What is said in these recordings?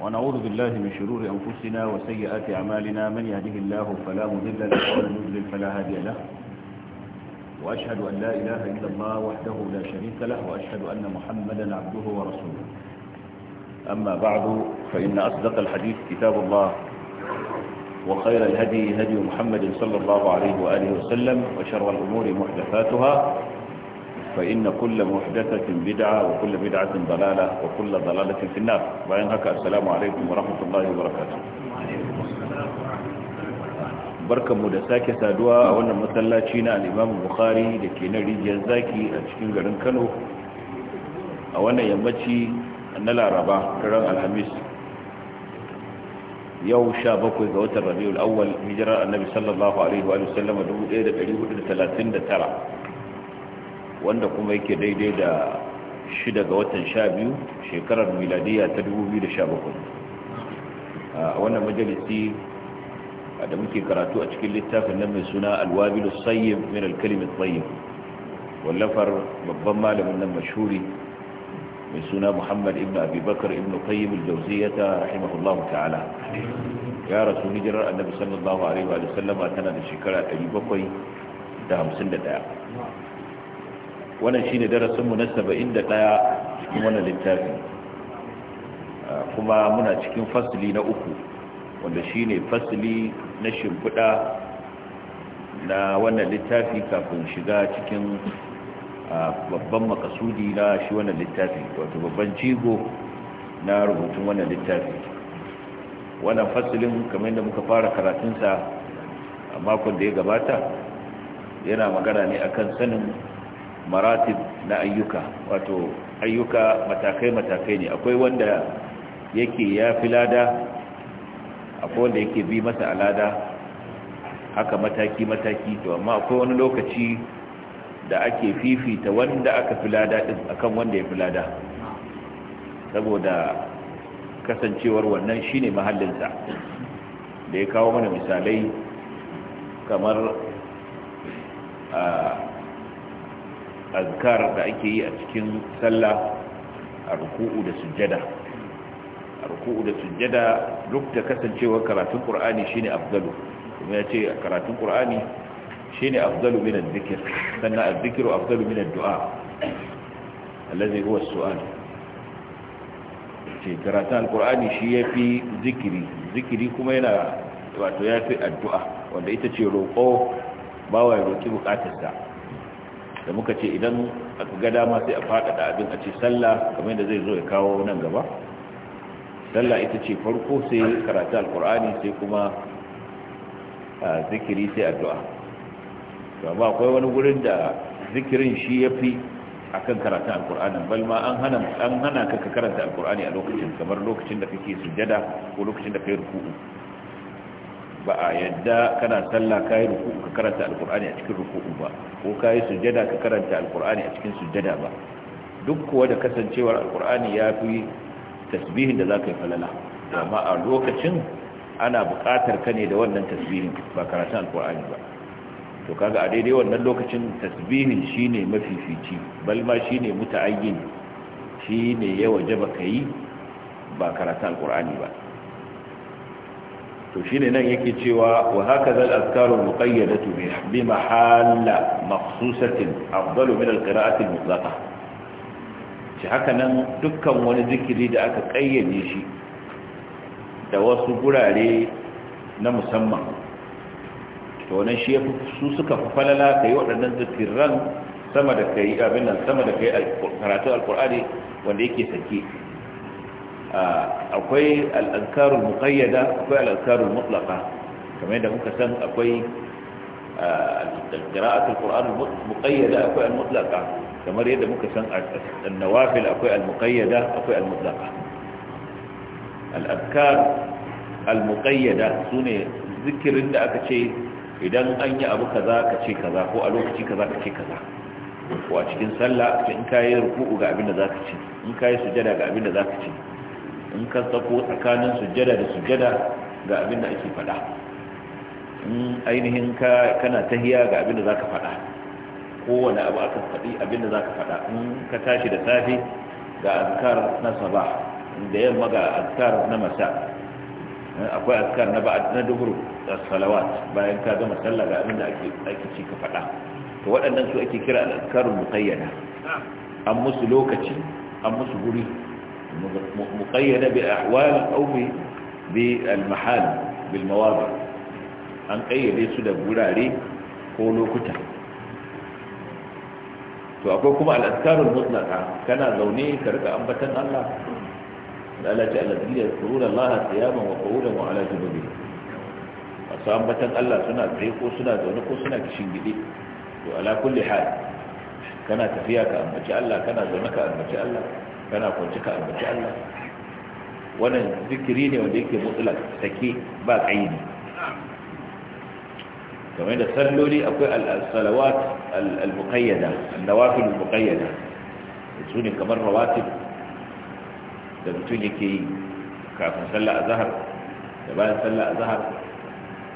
ونعوذ بالله من شرور أنفسنا وسيئات أعمالنا من يهده الله فلا مذل له ومن يذلل فلا هادي له وأشهد أن لا إله إلا الله وحده لا شريك له وأشهد أن محمدا عبده ورسوله أما بعد فإن أصدق الحديث كتاب الله وخير الهدي هدي محمد صلى الله عليه وآله وسلم وشر الأمور محدثاتها فإن كل محدثة بدعة وكل بدعة ضلالة وكل ضلالة في النار بأن هكا السلام عليكم ورحمة الله وبركاته barkan mu da sake saduwa a wannan masallaci na al bukari da ke na rijiyar zaki a cikin garin Kano a wannan yammaci na Laraba ran Alhamis yau 17 ga watan Rabiul Awwal hijirar Annabi sallallahu alaihi wa sallam 1439 wanda kuma yake daidai da shida ga watan sha biyu shekarar miladiya ta 2017 a wannan majalisi da muke karatu a cikin littafin nan mai suna alwabilu sayyib min alkalimin tsayyib wallafar babban malamin nan mashhuri mai suna muhammad ibn abubakar ibn qayyim al ta rahimahullahu ta'ala ya rasu hijirar annabi sallallahu alaihi wa sallam tana da shekara 751 wannan shine darasin mu na 71 cikin wannan littafi ah, kuma muna cikin fasili na uku wanda shine fasili na shimfiɗa na wannan littafi kafin shiga cikin ah, babban makasudi na shi wannan littafi wato babban jigo na rubutun wannan littafi wannan fasilin kamar yadda muka fara karatunsa a makon da ya gabata yana magana ne akan sanin maratib na ayyuka wato ayyuka matakai-matakai ne akwai wanda yake ya fi lada akwai wanda yake bi masa alada haka mataki-mataki to amma akwai wani lokaci da ake fifita wanda aka fi lada din akan wanda ya fi lada saboda kasancewar wannan shine mahallinsa da ya kawo mana misalai kamar a ah, azkar da ake yi a cikin sallah a ruku'u da sujjada a ruku'u da sujjada duk da kasancewar karatun qur'ani shine afdalu kuma yace karatun qur'ani shine afdalu min adh-dhikr sannan adh-dhikru afdalu min ad-du'a alladhi huwa as-su'al ce karatun qur'ani shi yafi zikiri zikiri kuma yana wato yafi addu'a wanda ita ce roƙo bawa ya roƙi bukatarsa da muka ce idan aka ga dama sai a faɗaɗa abin a ce sallah kamar yadda zai zo ya kawo nan gaba sallah ita ce farko sai karatu alkur'ani sai kuma zikiri sai addu'a amma akwai wani wurin da zikirin shi ya fi a kan karatu alkur'ani bal ma an hana ka karanta alkur'ani a lokacin kamar lokacin da kake sujada ko lokacin da kai ruku'u ba a yadda kana sallah kayi yi ruku ka karanta alkur'ani a cikin ruku ba ko kayi yi sujada ka karanta alkur'ani a cikin sujada ba duk kuwa da kasancewar alkur'ani ya fi tasbihin da za ka yi falala amma a lokacin ana buƙatar ka ne da wannan tasbihin ba karatun alkur'ani ba to kaga a daidai wannan lokacin tasbihin shine mafifici balma shine muta'ayyin shine ya wajaba kai ba karatun alkur'ani ba to shi ne nan yake cewa wa hakaza al-azkaru muqayyadatu bi mahalla maksusatin, afdalu min al-qira'ati al-mutlaqa shi haka nan dukkan wani zikiri da aka kayyade shi da wasu gurare na musamman to nan shi su suka fi falala yi waɗannan zikiran sama da kai abin nan sama da kai karatu al-qur'ani wanda yake sake akwai al'ankarul muqayyada akwai al'ankarul mutlaqa kamar yadda muka san akwai qira'atul qur'an muqayyada akwai al kamar yadda muka san an akwai al akwai al-mutlaqa al su ne zikirin da aka ce idan an yi abu za ka ce kaza ko a lokaci kaza ka ce kaza ko a cikin sallah in ka yi ruku ga abin da za ka ce in ka yi sujada ga abin da za ka ce in ka sako tsakanin sujjada da sujjada ga abin da ake faɗa in ainihin ka kana tahiya ga abin da za ka faɗa kowane abu aka faɗi abin da za ka faɗa in ka tashi da safe ga azkar na saba, da yamma ga azkar na masa eh, akwai azkar na ba'ad na duhur salawat bayan ka gama sallah ga abin da ake ake ci ka faɗa to waɗannan su ake kira al-azkarul muqayyada an musu lokaci an musu guri مقيدة بأحوال أو بالمحال بالمواضع أن قيد da بولاري قولوا كتاب to akwai kuma al'askarun mutlaka kana zaune ka rika ambatan Allah da ce a tsiyaman wa ƙaunar wa ala junubi ambatan Allah suna tsaye ko suna zaune ko suna kishin gidi to ala kulli kana tafiya ka ambaci Allah kana zaune ka ambaci Allah kana kwanci ka ambaci Allah wannan zikiri ne wanda yake mutlak take ba kaidi kamar da salloli akwai al-salawat al-muqayyada an-nawafil al-muqayyada su ne kamar rawatib da mutum yake yi kafin sallah azhar da bayan sallah azhar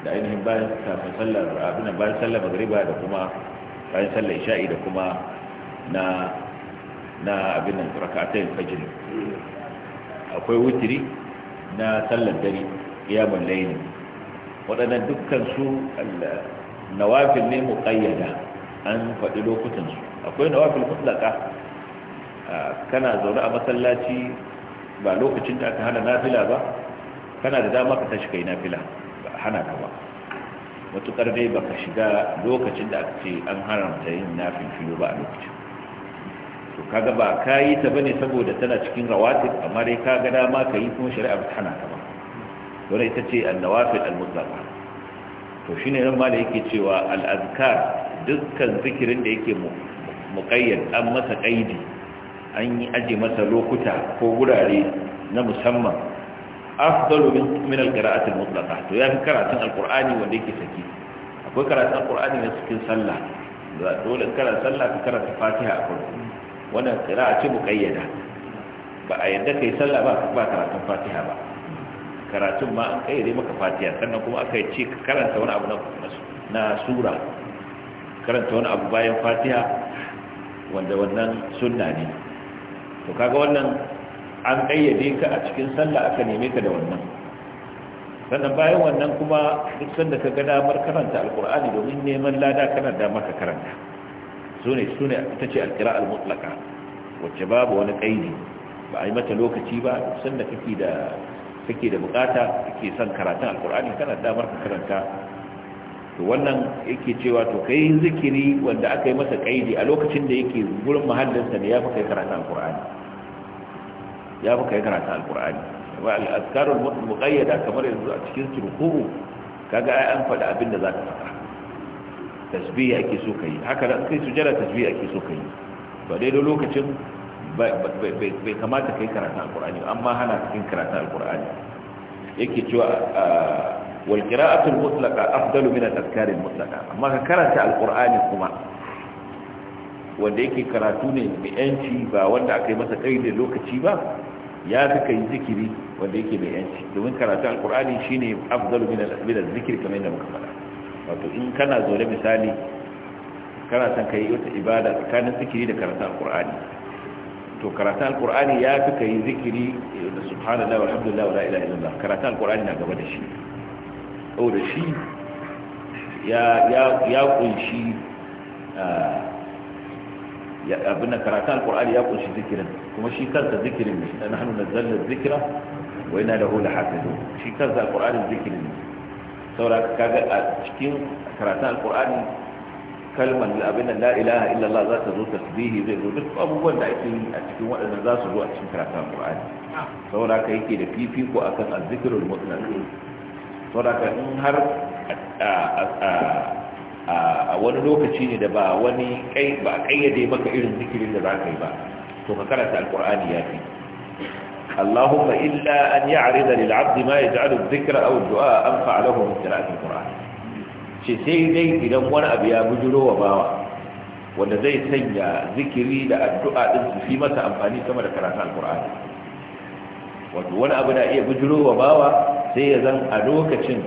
da ainihin bayan kafin sallah abin bayan sallah magriba da kuma bayan sallah isha'i da kuma na na abin nan raka'atayn fajr akwai wutiri na sallar dare qiyamul layl waɗannan dukkan su nawafil ne muqayyada an faɗi lokutan su akwai nawafil mutlaqa kana zaune a masallaci ba lokacin da aka hana nafila ba kana da dama ka tashi kai nafila ba hana ka ba matukar dai baka shiga lokacin da aka ce an haramta yin nafil filo ba a lokacin to kaga ba ka yi ta bane saboda tana cikin rawatib amma dai ka ga dama ka yi kuma shari'a ba hana ta ba dole ita ce annawafil almutlaqa to shine ran ma yake cewa al-azkar dukkan zikirin da yake muqayyad an masa qaidi an yi aje masa lokuta ko gurare na musamman afdalu min al qiraat al-mutlaqa to yafi karatun al-qur'ani wanda yake saki akwai karatun al-qur'ani na cikin sallah dole in sallah ka karanta fatiha a farko wannan a ce muƙayyada ba a yadda kai sallah ba ba karatun fatiha ba karatun ma an kayyade maka fatiha sannan kuma aka ce ka karanta wani abu na sura karanta wani abu bayan fatiha wanda wannan sunna ne to kaga wannan an kayyade ka a cikin sallah aka neme ka da wannan sannan bayan wannan kuma duk sanda ka ga damar karanta alkur'ani domin neman lada kana damar ka karanta sune sune ita ce alqira'al mutlaqa wacce babu wani kaidi ba a yi mata lokaci ba sanda kake da kake da bukata kake son karatun alqur'ani kana damar ka karanta to wannan yake cewa to kai zikiri wanda aka yi masa kaidi a lokacin da yake gurin mahallinsa ne ya fi kai karatun alqur'ani ya fi kai karatun alqur'ani ba al-azkarul muqayyada kamar yanzu a cikin turkuhu kaga ai an faɗi abin da zaka faɗa tasbihi ake so kai haka da kai sujada tasbihi ake so kai ba daidai lokacin bai kamata kai karatun alqur'ani amma hana cikin karatun alqur'ani yake cewa wal qira'atul mutlaqa afdalu min at-tadhkar al-mutlaqa amma ka karanta alqur'ani kuma wanda yake karatu ne mai yanci ba wanda aka yi masa kai da lokaci ba ya fi kai zikiri wanda yake mai yanci domin karatu alqur'ani shine afdalu min al-zikri kamar yadda muka faɗa wato in kana zaune misali kana son kai wata ibada tsakanin zikiri da karatu alqur'ani to karatu alqur'ani ya fi kai zikiri da subhanallahi walhamdulillahi wala ilaha illallah karatu alqur'ani na gaba da shi da shi ya ya ya kunshi ya da karatu alqur'ani ya kunshi zikirin kuma shi kansa zikirin ne na hannu na zallar zikira wai na da shi kansa alqur'ani zikirin ne saboda kaga a cikin karatun alkur'ani kalmar abin da la ilaha illallah za ta zo tasbihi zai zo duk abubuwan da ake yi a cikin waɗannan za su zo a cikin karatun alkur'ani saboda ka yake da fifiko akan azzikirul mutlaq saboda ka in har a wani lokaci ne da ba wani kai ba kayyade maka irin zikirin da za ka yi ba to ka karanta alkur'ani ya fi اللهم إلا أن يعرض للعبد ما يجعل الذكر أو الدعاء أنفع له من قراءة القرآن shi sai dai idan wani abu ya bujuro bawa wanda zai sanya zikiri da addu'a din su fi masa amfani sama da karatun alkur'ani wato wani abu na iya bujuro bawa sai ya zan a lokacin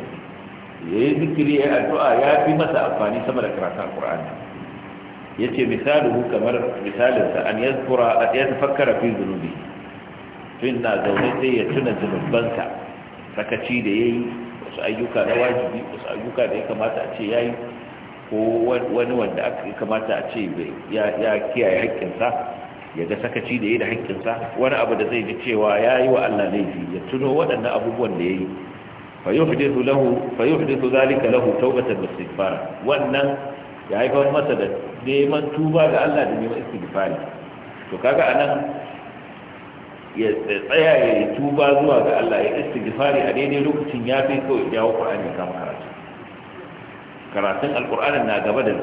zikiri ya addu'a ya fi masa amfani sama da kamar misalinsa an yadda fakkara fi zunubi mutum na zaune sai ya tuna zunubbanka sakaci da ya yi wasu ayyuka na wajibi wasu ayyuka da ya kamata a ce ya yi ko wani wanda aka kamata a ce ya kiyaye haƙƙinsa ya ga sakaci da ya yi da haƙƙinsa wani abu da zai ji cewa ya yi wa Allah laifi ya tuno waɗannan abubuwan da ya yi fayyuhdisu zalika lahu taubatan da istighfar wannan ya haifar masa da neman tuba ga Allah da neman istighfar to kaga anan ya tsaya ya yi tuba zuwa ga Allah ya istighfari a daidai lokacin ya fi kawai jawo Qur'ani kama karatu karatun alqur'anin na gaba da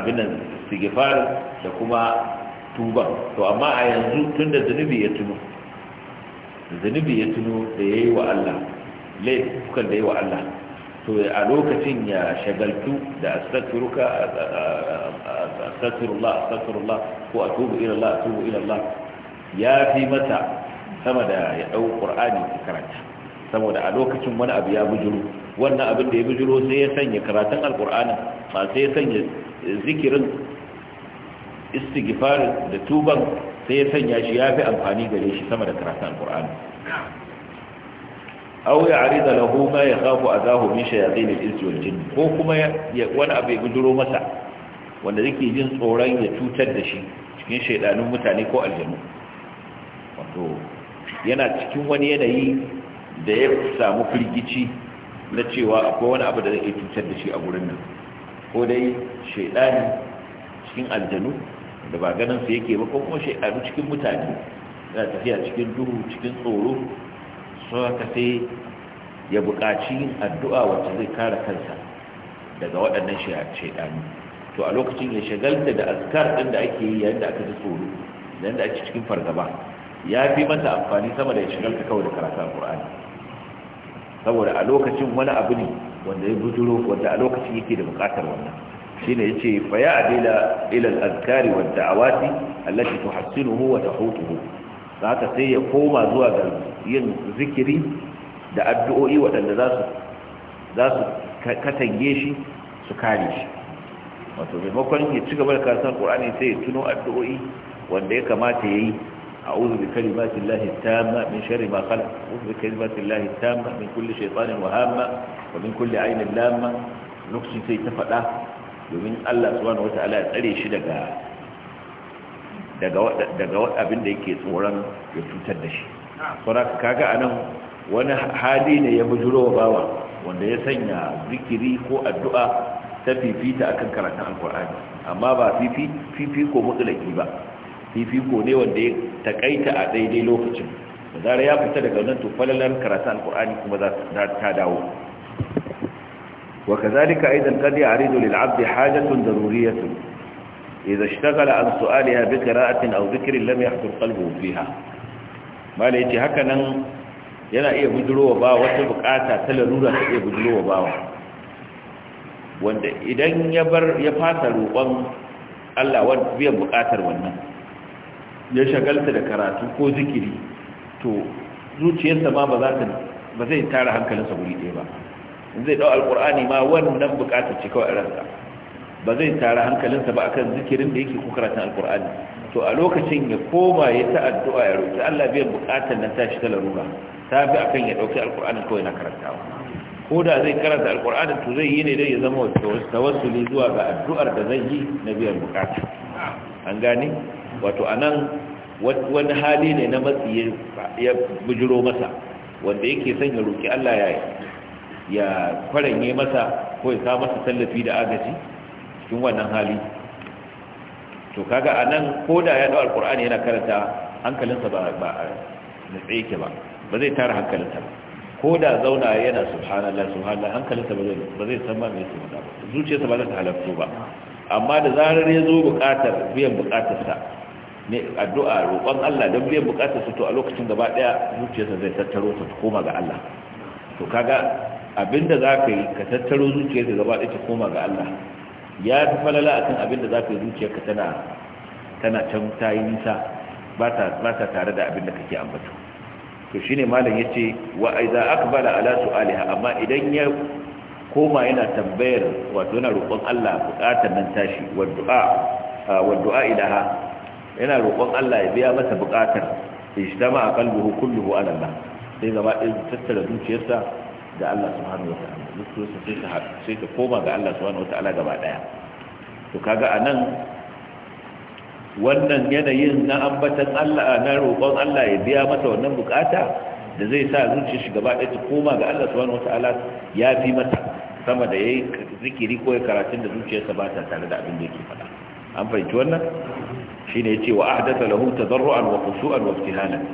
abinan abin da kuma tuba to amma a yanzu tun da zunubi ya tuno zunubi ya tuno da ya yi wa Allah laifukan da ya yi wa Allah to a lokacin ya shagaltu da astaghfiruka astaghfirullah astaghfirullah ko atubu ila Allah atubu ila Allah ya fi mata sama da ya dau qur'ani ki karanta saboda a lokacin wani abu ya bujuro wannan abin da ya bujuro sai ya sanya karatun alqur'ani ba sai ya sanya zikirin istighfarin da tuban sai ya sanya shi ya fi amfani gare shi sama da karatun alqur'ani aw arida lahu ma yakhafu adahu min shayatin al ins wal jinn ko kuma wani abu ya guduro masa wanda yake jin tsoron ya cutar da shi cikin shaidanun mutane ko aljanu wato yana cikin wani yanayi da ya samu firgici na cewa akwai wani abu da zai cutar da shi a gurin nan ko dai shaydani cikin aljanu da ba ganin su yake ba ko kuma shaidanu cikin mutane yana tafiya cikin duhu cikin tsoro so haka sai ya buƙaci addu'a wacce zai kare kansa daga waɗannan shaidanu to a lokacin ya shagalta da askar ɗin da ake yi yayin da aka ji tsoro yayin da ake cikin fargaba ya fi masa amfani sama da ya shagalta kawai da karatu alƙur'ani saboda a lokacin wani abu ne wanda ya buduro wanda a lokacin yake da buƙatar wannan shine yace fa ya adila ila al-azkari wad-da'awati allati tuhsinuhu wa tahutuhu za ka sai ya koma zuwa ga yin zikiri da addu'o'i waɗanda za su katange shi su kare shi wato maimakon ya ci gaba da kasan ƙorani sai ya tuno addu'o'i wanda ya kamata ya yi a uzu bi kalimatin min shari ma khalaq uzu bi kalimatin min kulli shaytanin wa wa min kulli ainin lamma lokacin sai ta faɗa domin Allah wata ala ya tsare shi daga daga abin da yake tsoron ya cutar da shi saura kaga anan wani hali ne ya bujuro wa bawa wanda ya sanya zikiri ko addu'a ta fifita akan karatun alkur'ani amma ba fifi ko mutulaki ba fifi ko ne wanda ya takaita a daidai lokacin da zara ya fita daga wannan to falalar karatun alkur'ani kuma za ta dawo وكذلك أيضا قد يعرض للعبد حاجة ضرورية إذا اشتغل عن سؤالها بقراءة أو ذكر لم يحضر قلبه فيها ما ليتي هكذا yana iya bujirowa ba wata bukata ta larura ta iya bujirowa ba wanda idan ya bar ya fasa roƙon Allah wanda biyan bukatar wannan ya shagalta da karatu ko zikiri to zuciyarsa ma ba zai tara hankalinsa guri ɗaya ba in zai dau ma wannan bukata ce kawai ba zai tara hankalinsa ba akan zikirin da yake kukaratan alkur'ani to a lokacin ya koma ya ta addu'a ya roƙi Allah biyan buƙatar na tashi ta larura ta bi akan ya ɗauki alkur'ani kawai na karantawa ko da zai karanta alkuranin to zai yi ne dai ya zama tawassuli zuwa ga addu'ar da zai yi na biyan buƙata an gane wato anan wani hali ne na matsi ya bujiro masa wanda yake son ya roƙi Allah ya ya kwaranye masa ko ya sa masa tallafi da agaji cikin wannan hali to kaga a nan ko da ya ɗau alƙur'ani yana karanta hankalinsa ba a natsaye ke ba ba zai tara hankalinsa ba ko da zauna yana subhanallah subhanallah hankalinsa ba zai san ma mai su ba zuciyarsa ba za ta halarto ba amma da zarar ya zo buƙatar biyan buƙatarsa ne addu'a roƙon Allah don biyan bukatar su to a lokacin gaba daya zuciyarsa zai tattaro ta koma ga Allah to kaga abinda za ka yi ka tattaro zuciyarsa gaba daya ta koma ga Allah ya fi falala a kan abin da za ka yi zuciyarka tana tana can ta yi nisa ba ta tare da abin da kake ambata to shine malam ya ce wa aiza akbala ala su'aliha amma idan ya koma yana tambayar wato yana roƙon Allah buƙatar nan tashi wa du'a wa du'a ilaha yana roƙon Allah ya biya masa buƙatar ijtama qalbuhu kulluhu ala Allah sai gaba ɗin tattara zuciyarsa ga Allah subhanahu wa ta'ala zuciyarsa sai ta sai ta koma ga Allah subhanahu wa ta'ala gaba daya to kaga anan wannan yanayin na ambatan Allah na roƙon Allah ya biya mata wannan bukata da zai sa zuciyar shi gaba daya ta koma ga Allah subhanahu wa ta'ala ya fi mata sama da yayi zikiri ko karatun da zuciyarsa ba ta tare da abin da yake faɗa an fahimci wannan shine yace wa ahdatha lahu tadarruan wa khushu'an wa ibtihalan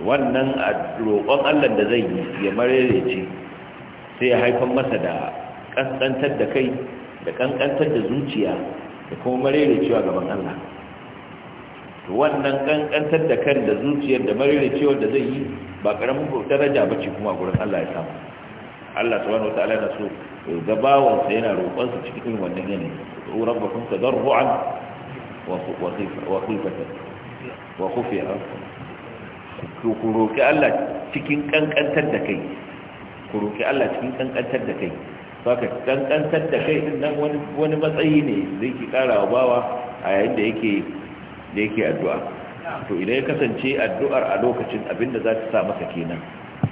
wannan a roƙon Allah da zai yi ya marerece sai ya haifan masa da ƙasƙantar da kai da ƙanƙantar da zuciya da kuma marerecewa gaban Allah wannan ƙanƙantar da kan da zuciyar da marerecewa da zai yi ba ƙaramin daraja ba ce kuma gurin Allah ya samu Allah wani wataala na so gabawansa yana roƙonsa cikin wannan yanayi rabbakum tadarruan don khifatan wa khufiya to ku roƙi Allah cikin kankantar da kai ku roƙi Allah cikin kankantar da kai saka kankantar da kai din nan wani wani matsayi ne zai yake karawa bawa a yayin da yake da yake addu'a to idan ya kasance addu'ar a lokacin abinda za ta sa maka kenan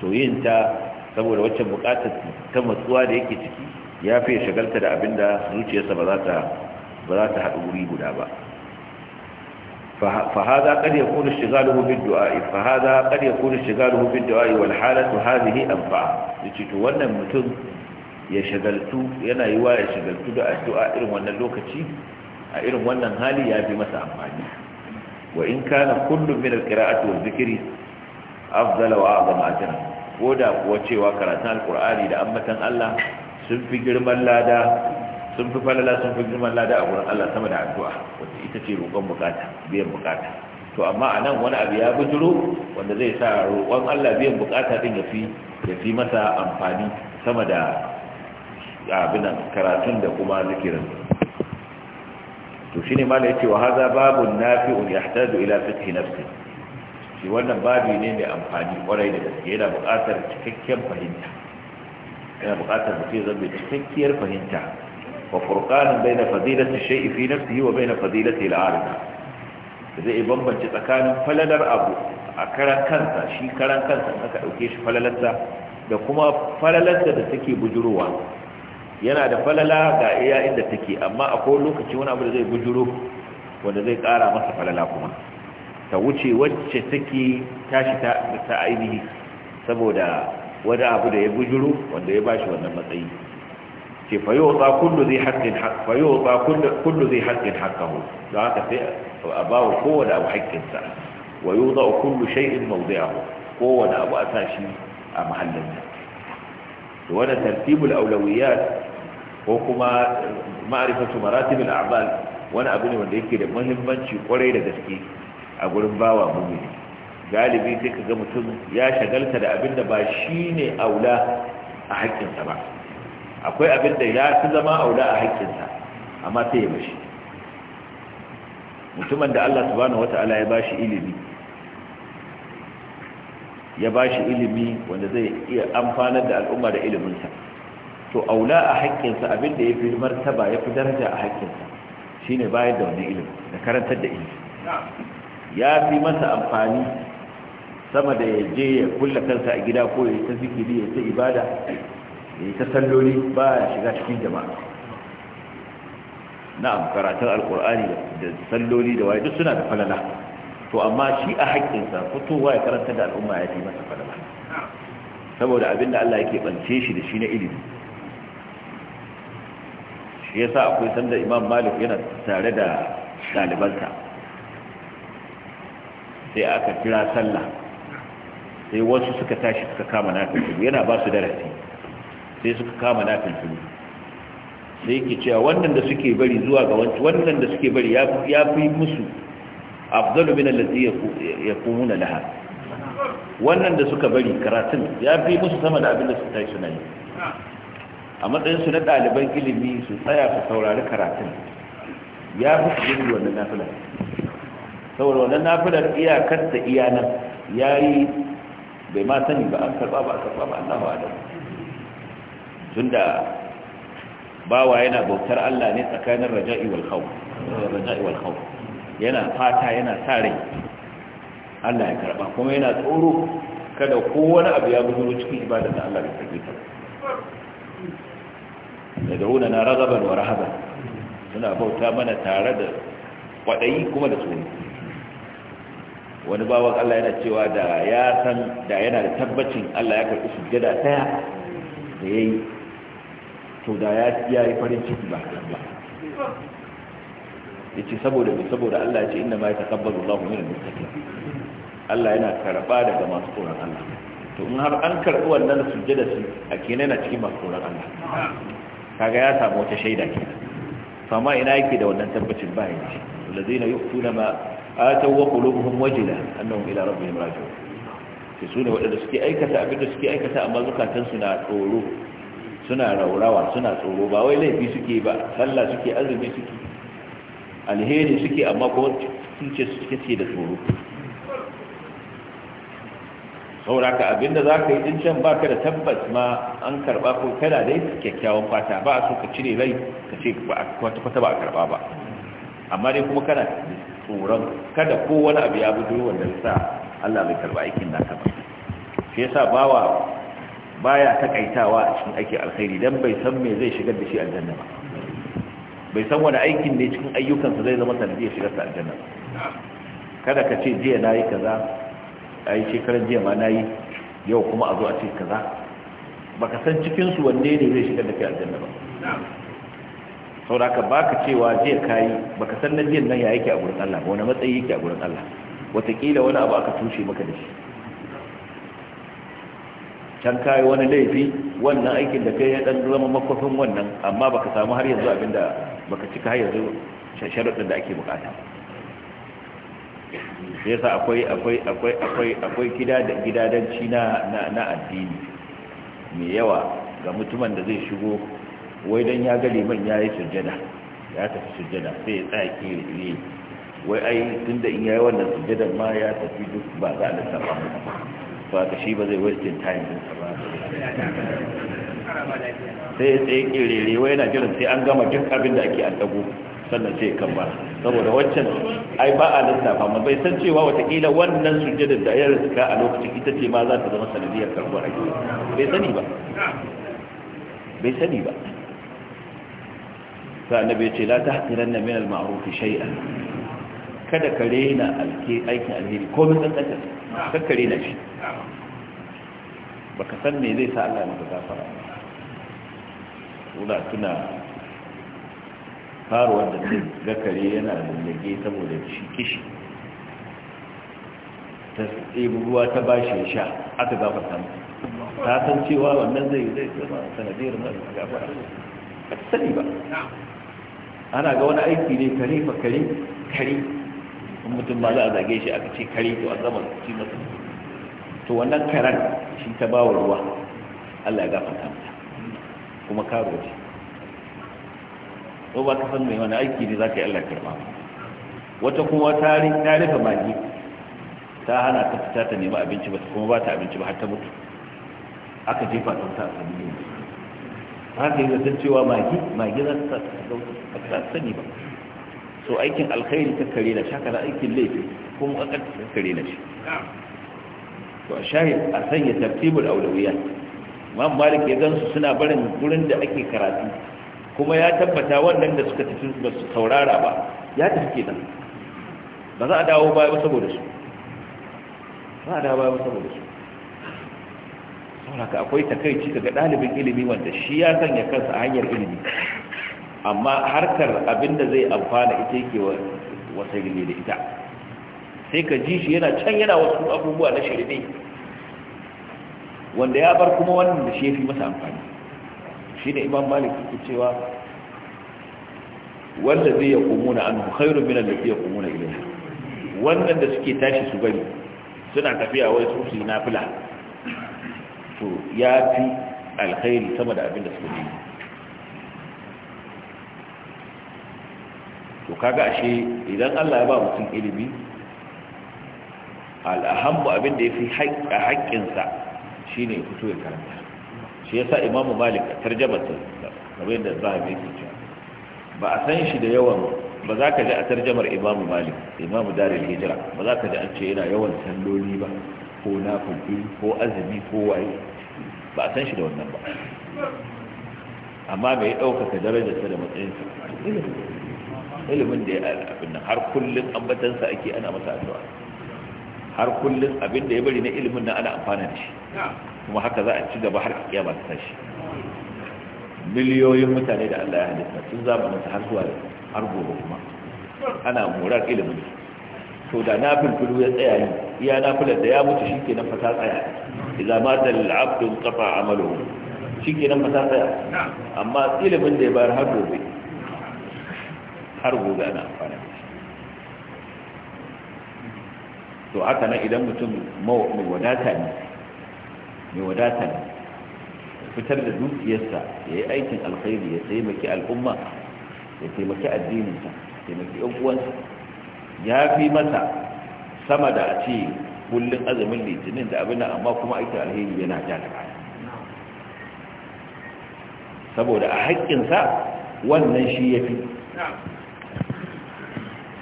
to yin ta saboda wacce bukatar ta matsuwa da yake ciki ya fi shagalta da abinda zuciyarsa ba za ta ba za ta haɗu guri guda ba فهذا قد يكون اشتغاله بالدعاء فهذا قد يكون اشتغاله بالدعاء والحاله هذه انفع wannan mutum ya shagaltu yana yiwa ya shagaltu da addu'a irin wannan lokaci a irin wannan hali ya bi masa amfani wa'inkana in kana kullu min alqira'ati wa dhikri afdala wa a'zama ajran koda kuwa cewa karatun al'kur'ani da ammatan Allah sun fi girman lada sun fi falala sun fi girman lada a wurin Allah sama da addu'a wanda ita ce roƙon bukata biyan bukata to amma a nan wani abu ya bujuro wanda zai sa roƙon Allah biyan bukata din ya fi ya fi masa amfani sama da abin karatun da kuma zikirin to shine mala yace wa hadha babun nafi'un yahtaju ila fiqh nafsi shi wannan babi ne mai amfani kwarai da gaske yana buƙatar cikakken fahimta yana buƙatar mutum ya zama cikakkiyar fahimta وفرقانا بين فضيلة الشيء في نفسه وبين فضيلته العارضة zai bambance tsakanin falalar abu a karan kansa shi karan kansa aka ɗauke shi falalarsa da kuma falalarsa da take bujurowa yana da falala ga iya inda take amma akwai lokaci wani abu da zai bujuro wanda zai ƙara masa falala kuma ta wuce wacce take tashi ta ainihi saboda wani abu da ya bujuro wanda ya bashi wannan matsayi ce fayota kullu zai haƙƙin fayota kullu zai haƙƙin haƙƙahu don haka sai a ba wa kowane abu haƙƙinsa wa yi za a kullu shai'in mawuzi'ahu kowane abu a sa shi a mahallinsa da wani tartibul aulawiyat ko kuma ma'arifatu maratibul a'mal wani abu ne wanda yake da muhimmanci kwarai da gaske a gurin bawa mumini galibi sai ka ga mutum ya shagalta da abin da ba shi ne aula a haƙƙinsa ba akwai abin da ya fi zama aula a haƙƙinsa amma sai ya bashi mutumin da Allah subhanahu wata'ala ya bashi ilimi ya bashi ilimi wanda zai iya amfanar da al'umma da iliminsa to aula a haƙƙinsa abin da ya fi martaba ya fi daraja a haƙƙinsa shine bayar da wani ilimi da karantar da ilimi ya fi masa amfani sama da ya je ya kulla kansa a gida ko ya ta zikiri ya ta ibada yi ta salloli ba ya shiga cikin jama'a na'am karatun alkur'ani da salloli da waye suna da falala to amma shi a haƙƙinsa fitowa ya karanta da al'umma ya fi masa falala saboda abinda Allah yake bance shi da shi na ilimi shi yasa akwai sanda imam malik yana tare da ɗalibanta sai aka kira sallah sai wasu suka tashi suka kama nafi yana ba su darasi sai suka kama na filfilu sai yake cewa wannan da suke bari zuwa ga wancan wannan da suke bari ya fi musu afdalu min allazi yaqumuna laha wannan da suka bari karatun ya fi musu sama da abin da suka tashi nan a matsayin su na ɗaliban ilimi su tsaya su saurari karatun ya fi su gudu wannan nafilar saboda wannan nafilar iyakar ta iyanan ya yi bai ma sani ba a karɓa ba a karɓa ba allahu adam tunda bawa yana bautar Allah ne tsakanin raja'i wal khawf raja'i wal khawf yana fata yana sa rai Allah ya karba kuma yana tsoro kada kowane abu ya buzuro cikin ibadar da Allah ya karbe ta Da'una na ragaban wa rahaban suna bauta mana tare da kwadayi kuma da tsoro wani bawan Allah yana cewa da ya san da yana da tabbacin Allah ya karbi sujjada daya da yayi to da ya yi farin ciki ba ya ce saboda mai saboda Allah ya ce inda ma ya takabbalu Allah mai da mutane Allah yana karɓa daga masu tsoron Allah to in har an karɓi wannan da su a kenan na cikin masu tsoron Allah kaga ya samu wata shaida kenan fama ina yake da wannan tabbacin ba yanci allazina yu'tuna ma A ta wa qulubuhum wajila annahum ila rabbihim raji'un su ne waɗanda suke aikata abinda suke aikata amma zukatansu na tsoro suna raurawa suna tsoro ba wai laifi suke ba sallah suke azumi suke alheri suke amma ko ce suke da tsoro sauraka abinda za ka yi din can ba ka da tabbas ma an karba ko da dai kyakkyawan fata ba a so ka cire rai ka ce kwata-kwata ba a karba ba amma dai kuma kana tsoron kada ko wani abu ya budo wanda sa Allah bai karba aikin naka ba shi yasa bawa baya takaitawa a cikin aikin alkhairi dan bai san me zai shigar da shi aljanna ba bai san wani aikin ne cikin ayyukansa zai zama sanadiyar shigar sa aljanna kada ka ce jiya nayi kaza ai shekaran jiya ma nayi yau kuma a zo a ce kaza baka san cikin su wanne ne zai shigar da kai aljanna ba ba baka cewa jiya ba baka san na jiya nan ya yake a gurin Allah ba wani matsayi yake a gurin Allah wataƙila wani abu aka tushe maka da shi can kayi wani laifi wannan aikin da kai ya dan zama makwafin wannan amma baka samu har yanzu abinda baka cika har yanzu sharuɗin da ake bukata sai yasa akwai akwai akwai akwai akwai gidadanci na na addini mai yawa ga mutumin da zai shigo wai dan ya ga liman yayi sujjada ya tafi sujjada sai ya tsaya kire wai ai tunda in yayi wannan sujjadan ma ya tafi duk ba za a lissafa mu ba ka shi ba zai wasting time ɗinsa ba sai sai kirere wai yana jiran sai an gama duk abin da ake addabo sannan sai kan ba saboda waccan ai ba a lissafa ma bai san cewa watakila wannan sujjada da ya riska a lokacin ita ce ma za ta zama sanadiyar a ake bai sani ba bai sani ba ta annabi ce la ta hatiran min al-ma'ruf shay'an kada ka rena aikin alheri ko min kakkare na shi baka san me zai sa Allah maka gafara kuna tuna faruwar da ta gakare yana lullage saboda shi kishi ta ɗebi ruwa ta bashi ya sha aka gafarta masa ta san cewa wannan zai zai zama sanadiyar na gafara ba ta sani ba ana ga wani aiki ne kare fa kare kare in mutum ba za a zage shi aka ce kare to a zaman ci masa to wannan karan shi ta bawa ruwa Allah ya gafata mata kuma karo ce ko ba ka san mai wani aiki ne za ka yi Allah karba wata kuma ta rufe magi ta hana ta fita ta nemi abinci ba ta kuma ba ta abinci ba har ta mutu aka jefa ta wuta a sabi ne haka yi zaton cewa magi magi za ta sa ta sani ba so aikin alkhairi ta kare na shakala aikin laifi aikin mu kuma ta kare na shi to a shahid a sanya tartibul aulawiyya imam malik ya gansu suna barin gurin da ake karatu kuma ya tabbata wannan da suka tafi ba su saurara ba ya tafi kenan ba za a dawo baya ba saboda su ba a dawo baya ba saboda su saboda akwai takaici daga ɗalibin ilimi wanda shi ya sanya kansa a hanyar ilimi amma harkar abinda zai amfana ita yake wata gine da ita sai ka ji shi yana can yana wasu abubuwa na shirme wanda ya bar kuma wannan da shi ya fi masa amfani shi ne imam malik yake cewa wanda zai ya kumuna an hukairu minan da ya kumuna ilaiha wannan da suke tashi su bari suna tafiya wai su su nafila to ya fi alkhairi sama da abin da suke yi to kaga ashe idan Allah ya ba mutum ilimi al'ahammu abin da ya fi haƙƙinsa shi ne fito ya karanta shi ya sa imamu malik a tarjamarsa kamar yadda zahabi ke cewa ba a san shi da yawan ba za ka ji a tarjamar imamu malik imamu daril hijira ba za ka ji an ce yana yawan salloli ba ko na fulfi ko azumi ko waye ba a san shi da wannan ba amma mai ɗaukaka darajarsa da matsayinsa ilimin da ya abin nan har kullum ambatansa ake ana masa addu'a har kullum abin da ya bari na ilimin nan ana amfana da shi kuma haka za a ci gaba har kiyama ta tashi miliyoyin mutane da Allah ya halitta sun zamanin har zuwa har gobe kuma ana murar ilimin to da na fulu ya tsaya yin iya nafilar da ya mutu shi ke nan fata tsaya idan ma da al'abdun kafa amalu shi ke nan fata tsaya amma ilimin da ya bayar har gobe har gobe ana amfana da shi to haka nan idan mutum mai wadata ne mai wadata ne fitar da dukiyarsa ya yi aikin alkhairi ya taimaki al'umma ya taimaki addininsa ya taimaki yan ya fi masa sama da a ce kullum azumin litinin da abin amma kuma aikin alheri yana ja da baya saboda a haƙƙinsa wannan shi ya fi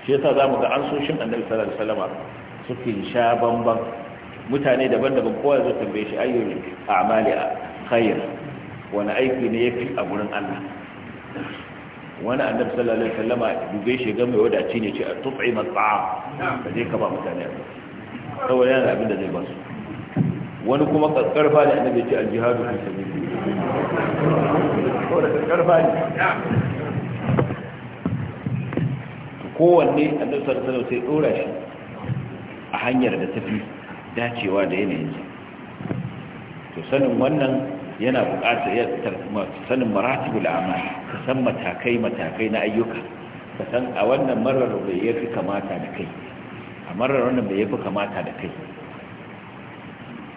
shi yasa zamu ga an soshin annabi sallallahu alaihi wasallam suke sha bamban mutane daban-daban kowa zai tambaye shi ayyul a'mali khair wani aiki ne yafi a gurin Allah wani annabi sallallahu alaihi wasallam dube shi ga mai wadaci ne ce a tut'i mat'am da zai kaba mutane a saboda yana abin da zai basu wani kuma karfa ne annabi ce al-jihadu fi sabilillah saboda karfa ne kowanne a sallallahu sanar sai dora shi a hanyar da tafi dacewa da yanayin su to sanin wannan yana buƙatar ya sanin maratibul amal ka san matakai matakai na ayyuka ka san a wannan marar da ya fi kamata da kai a marar wannan da fi kamata da kai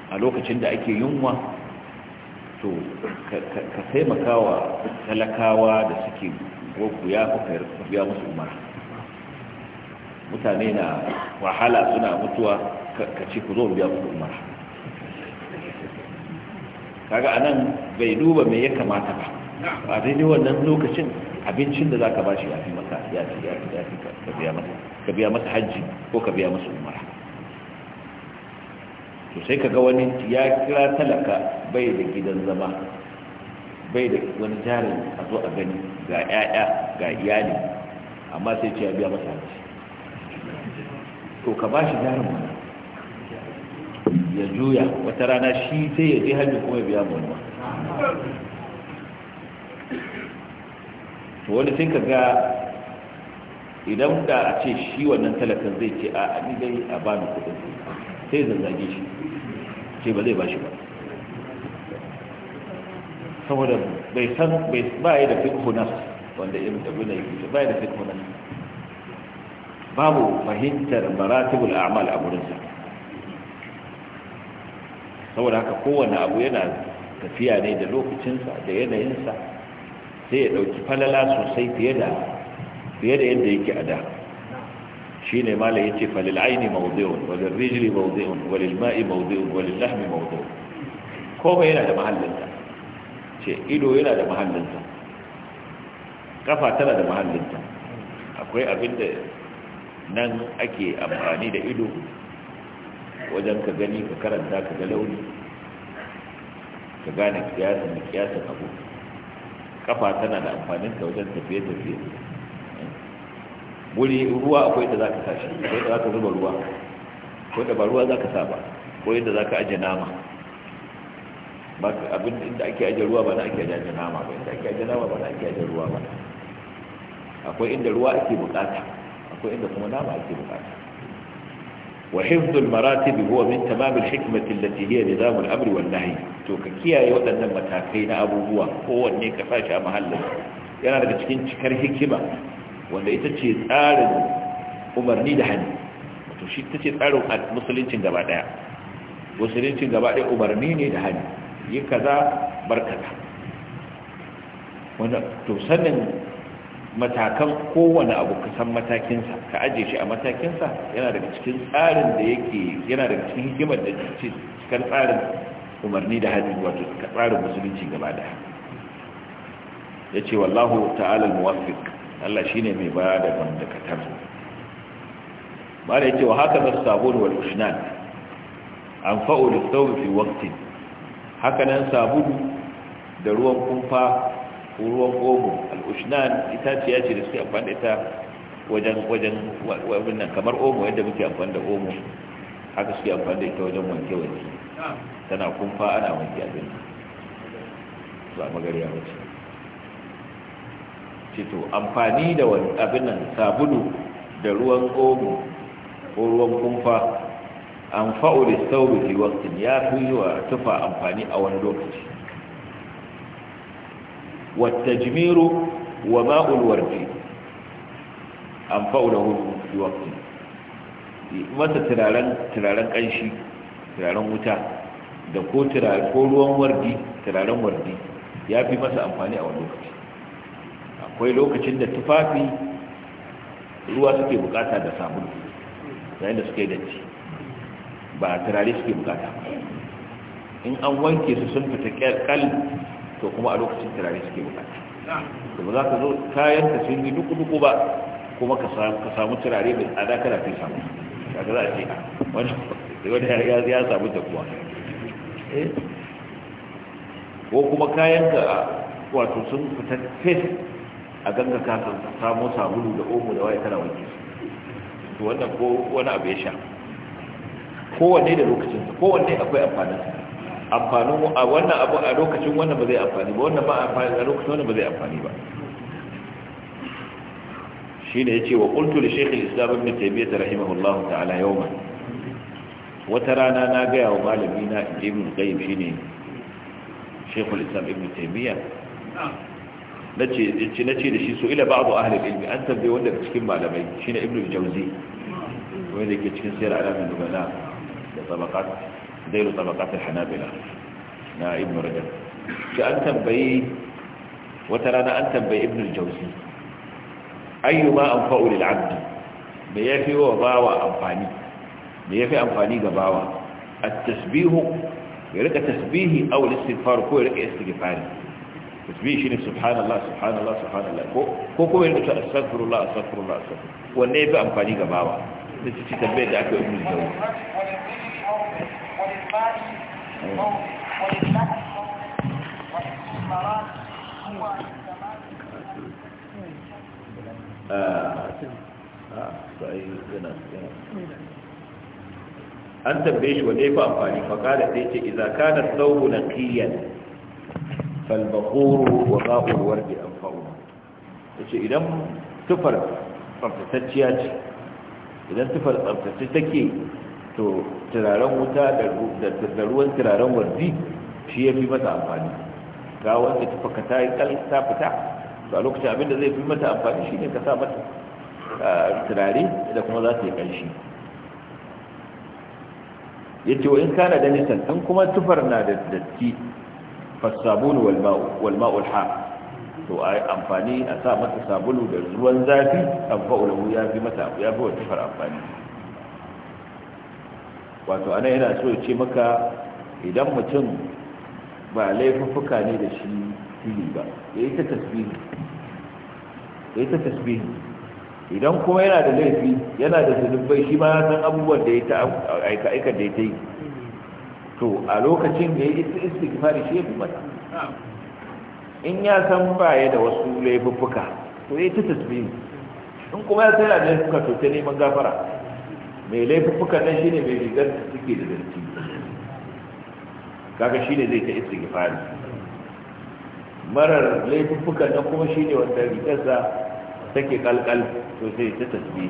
a lokacin da ake yunwa to ka taimakawa talakawa da suke goku ya musu umara mutane na wahala suna mutuwa ka ce ku zo biya muku umara kaga anan bai duba me ya kamata ba ba daidai wannan lokacin abincin da zaka bashi ya fi maka ya fi ya fi ya fi ka biya masa ka biya masa hajji ko ka biya masa umara to sai kaga wani ya kira talaka bai da gidan zama bai da wani jarin a zo a gani ga 'ya'ya ga iyali amma sai ce ya biya masa hajji to ka ba shi jarin wani. ya juya wata rana shi sai ya je hajji kuma ya biya mu to wani sai ka ga idan da a ce shi wannan talakan zai ce a ni dai a ba ni kudin sai zanzage shi ce ba zai ba shi ba saboda bai san bai ba ya da fiqhu nas wanda ibn abuna yake ba ya da fiqhu nas babu fahimtar maratibul a'mal a gurinsa saboda haka kowane abu yana tafiya ne da lokacinsa da yanayinsa sai ya ɗauki falala sosai fiye da fiye da yadda yake a da shi ne mala ya ce falil aini mawuzeun walil rijili mawuzeun walil ma'i mawuzeun walil lahmi mawuzeun komai yana da mahallinsa ce ido yana da mahallinsa kafa tana da mahallinta akwai abin da nan ake amfani da ido wajen ka gani ka karanta ka ga launi ka gane kiyasin da kiyasin abu kafa tana da amfanin ta wajen tafiye-tafiye wuri ruwa akwai da za ka tashi akwai da za ka zuba ruwa akwai da ba ruwa za ka ba, ko yadda za ka aje nama abin da ake aje ruwa ba na ake aje nama ba inda ake aje nama ba na ake aje ruwa ba akwai inda ruwa ake bukata akwai inda kuma nama ake bukata wa hifdul maratib huwa min tamam al hikmati allati hiya nizam al amr to ka kiyaye waɗannan matakai na abubuwa kowanne ka sashi a mahallin yana daga cikin cikar hikima wanda ita ce tsarin umarni da hannu to shi ta ce tsarin musuluncin gaba musuluncin gaba umarni ne da hannu yi to sanin matakan kowane abu ka san matakinsa ka aje shi a matakinsa yana daga cikin tsarin da yake yana daga cikin hikimar da ce cikin tsarin umarni da hajji wato tsarin musulunci gaba da ya ce wallahu ta'ala muwafiq Allah shi ne mai ba da bandakatar ba da ya ce wa haka na sabon wal ushnan an fa'o da fi waktin haka nan sabulu da ruwan kumfa ruwan omo al'ushnan ita ce da suke amfani da ita wajen wajen wannan kamar omo yadda muke amfani da omo haka suke amfani da ita wajen wanke wanke tana kumfa ana wanke abin ba ya wuce ce to amfani da abin nan sabulu da ruwan omo ko ruwan kumfa an fa'u da saurin ya fi yi wa tufa amfani a wani lokaci والتجمير وماء الورد أنفأ له في وقته masa turaren ƙanshi turaren wuta ko ruwan wardi turaren wardi ya fi masa amfani a wani lokaci akwai lokacin da tufafi ruwa suke bukata da sabulu yayin da suke datti ba turare suke bukata ba in an wanke su sun fita kyal to kuma a lokacin turare suke bukata to ba za ka zo kayan ka sun yi duku duku ba kuma ka samu turare mai tsada kana fi samu kaga za a ce ah, wani wani ya samu da kuwa eh? ko kuma kayan ka ah, wato sun fita fes a ganga ka samu sabulu da omo da waye kana wanke to wannan ko wani abu ya sha kowanne da lokacinsa kowanne akwai amfaninsa amfanin a wannan abu a lokacin wannan ba zai amfani ba wannan ba amfani a lokacin wannan ba zai amfani ba Shi shine yace wa qultu li shaykh al-islam ibn taymiyyah rahimahullah ta'ala yawma wata rana na gaya wa malami na ibn qayyim shine shaykh al-islam ibn taymiyyah Na ce da shi so ila ba'd ahli al-ilm an tambaye wanda cikin malamai shine ibn al-jawzi wanda ke cikin sirr alamin dubala da tabaqat zai rusa bakatun hanabila na ibn rajab shi an tambayi wata rana an tambayi ibn jauzi ayyuma an fa'ulil abdi me ya fi wa bawa amfani me ya fi amfani ga a tasbihu ya rika tasbihi aw istighfar ko ya rika istighfari tasbihi shine subhanallah subhanallah subhanallah ko ko kuma ya rika astaghfirullah wanne ya fi amfani tambayar da aka yi ibn an tambaye shi wadda ya amfani fakada sai ce iza kanar tsawo na kiyan falbakoro wa ƙa'urwar da amfani ya ce idan tufar tsabtatacciya ce idan tufar tsabtatacciya take to turaren wuta da ruwan turaren wardi shi ya fi mata amfani ga wanda ta faka ta yi ta fita to a lokacin abinda zai fi mata amfani shi ne ka sa mata turare da kuma za ta yi ƙanshi ya ce wa in kana da nisan in kuma tufar na da datti fasabulu walma'ul ha to a amfani a sa mata sabulu da ruwan zafi amfa'ulahu ya fi mata ya fi wa tufar amfani wato ana yana so ya ce maka idan mutum ba laifuffuka ne da shi fili ba ya yi ta tasbihi ya yi ta tasbihi idan kuma yana da laifi yana da zunubai shi ma ya san abubuwan da ya ta aika aika da ya ta yi to a lokacin da ya yi istighfari shi ya fi mata in ya san baya da wasu laifuffuka to ya yi ta tasbihi in kuma ya san yana da laifuka to ta neman gafara mai laifukan nan shine mai rigar da suke da zarti kaga shine zai ta gifari marar laifukan nan kuma shine wanda rigarsa take kalkal to sai ta tasbi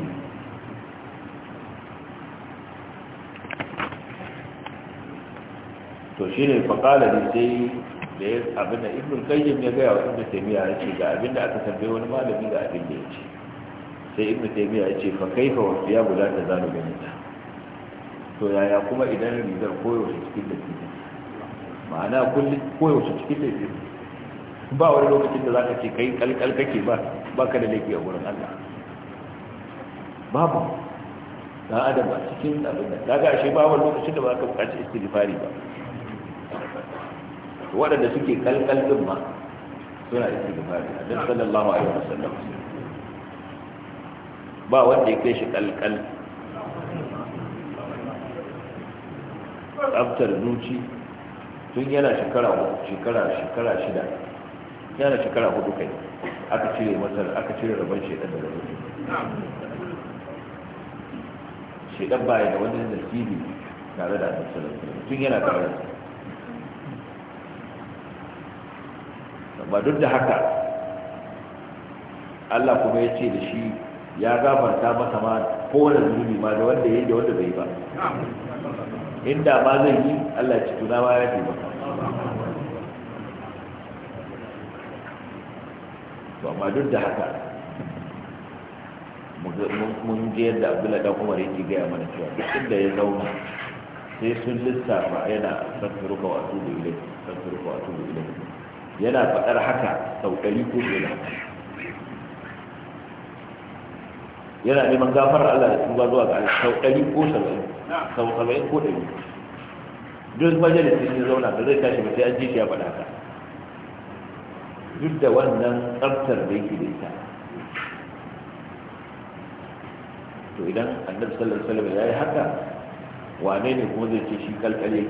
to shine faqala li sai da ya abinda ibn qayyim ya gaya wa ibn taymiya ce ga abinda aka tambaye wani malami da abinda ce sai ibnu taymiya ya ce fa kaifa wa siyabu la tazalu ta, to yaya kuma idan rigar koyaushe cikin da ke ma'ana kullum koyaushe cikin da ke ba wani lokacin da za ka ce kai kalkal kake ba ba ka da laifi a wurin Allah babu da adam a cikin abin da kaga ashe ba wani lokacin da ba ka buƙaci istighfari ba waɗanda suke kalkal din ma suna istighfari a dan sallallahu alaihi wasallam ba wanda ya kai shi kalkal tsabtar zuci tun yana shekara shekara shekara shida yana shekara hudu kai aka cire masar aka cire rabon shekar da rabon shekar baya da wani nasibi tare da asalar tun yana tare amma duk da haka Allah kuma ya ce da shi ya gafarta masa ma kowane zunubi ma da wanda yake wanda bai ba inda ba zai yi Allah ya ci tuna ba ya ba to amma duk da haka mun je yadda Abdullahi dan Umar yake gaya mana cewa duk inda ya zauna sai sun lissafa yana safiruka wasu da ilai safiruka wa atubu ilai yana faɗar haka sau ɗari ko fiye yana neman gafara Allah da tuba zuwa ga Allah sau ɗari ko saba'in sau saba'in ko ɗari duk da cikin zauna da zai tashi ba sai an ji shi ya ka duk da wannan tsaftar da yake da ita to idan annabi sallallahu alaihi wasallam ya yi haka wane ne kuma zai ce shi kalkale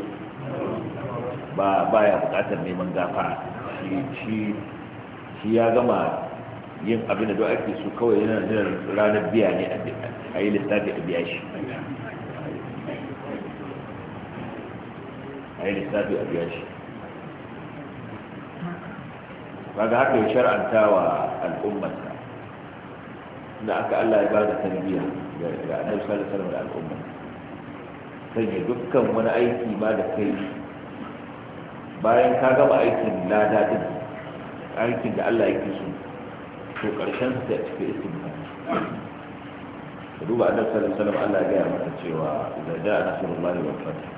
ba baya buƙatar neman gafara shi shi ya gama yin abin da ake su kawai yana jiran ranar biya ne a yi lissafi a biya shi a yi lissafi a biya shi kaga haka ya shar'anta wa al'ummarsa da aka Allah ya ba da tarbiyya ga annabi sallallahu alaihi wasallam da al'umma sanya dukkan wani aiki ba da kai bayan ka gama aikin lada din aikin da Allah yake so شوف عشان تأتي في اسم هذا فدوب عدد سلم سلم على مثلا سوى إذا جاء نصر الله والفتح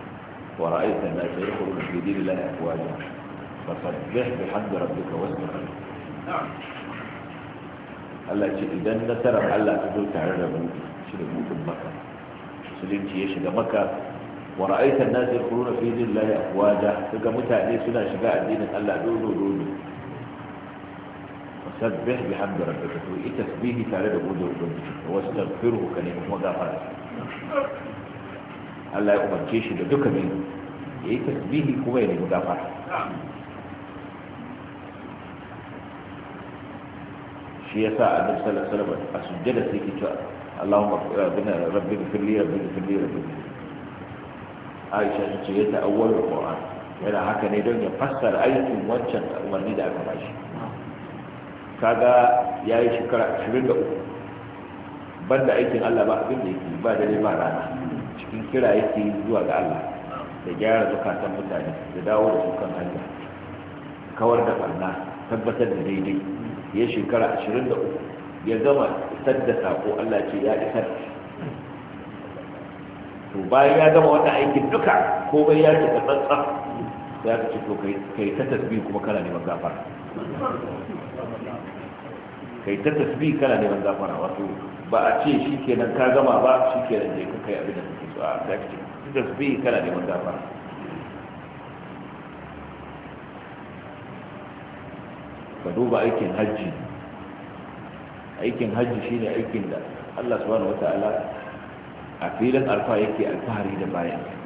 ورأيت ما سيخل في دين الله افواجا فصبح بحمد ربك واسمه نعم قال لك إذا نصر الله تقول تعالى من سلمه في المكة سلمت يشد مكة ورأيت الناس يخلون في دين الله أفواجا، تلقى متعدي سنة شباع الدين قال لك دولو دولو سبح بحمد ربك ايه تسبيه تعالى بقول ربنا واستغفره كان يوم ده إيه قال الله يقبل كيش ده دوكمين ايه تسبيه كوين يوم ده قال شيء ساعة النبي صلى الله عليه وسلم اللهم ربنا رب اغفر لي رب اغفر لي رب اغفر لي عائشة سيئة أول القرآن وإلى يعني هكذا ندعني فسر أي كم وجه أمرني أكبر عائشة kaga ya yi shekara ashirin da uku da aikin allah ba abin da yake ba da ne ba rana cikin kira yake zuwa ga allah da gyara zukatan mutane da dawo da sukan hanya kawar da barna tabbatar da daidai ya shekara ashirin da uku ya zama isar da sako allah ce ya isar to bayan ya gama wata aikin duka ko bai ya ce ka tsantsan ya ka ce to kai ta tasbi kuma kana neman gafara kai ta tasbi kana neman gafara wato ba a ce shi kenan ka gama ba shi kenan ne ka kai abin da kake so a ta tasbi kana neman gafara ka duba aikin hajji aikin hajji shine aikin da Allah subhanahu wataala a filin alfa yake alfahari da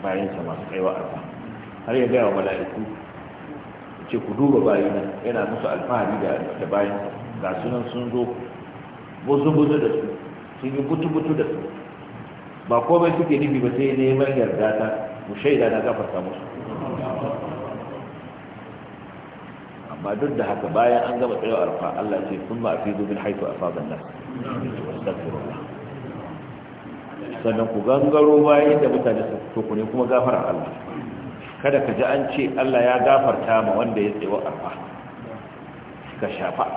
bayan sa masu kaiwa alfa har ya gaya wa mala'iku ce ku duba bayan yana musu alfahari da sa. ga sunan sun zo buzu-buzu da su sun yi butu-butu da su ba komai suke nufi ba sai neman yarda ta mu shaida na gafarta musu amma duk da haka bayan an gama tsayo arfa Allah ce kun ma fi zubin haifu a faɗin nan sannan ku gangaro bayan da mutane su to ku ne kuma gafara Allah kada ka ji an ce Allah ya gafarta ma wanda ya tsayo arfa ka shafa'a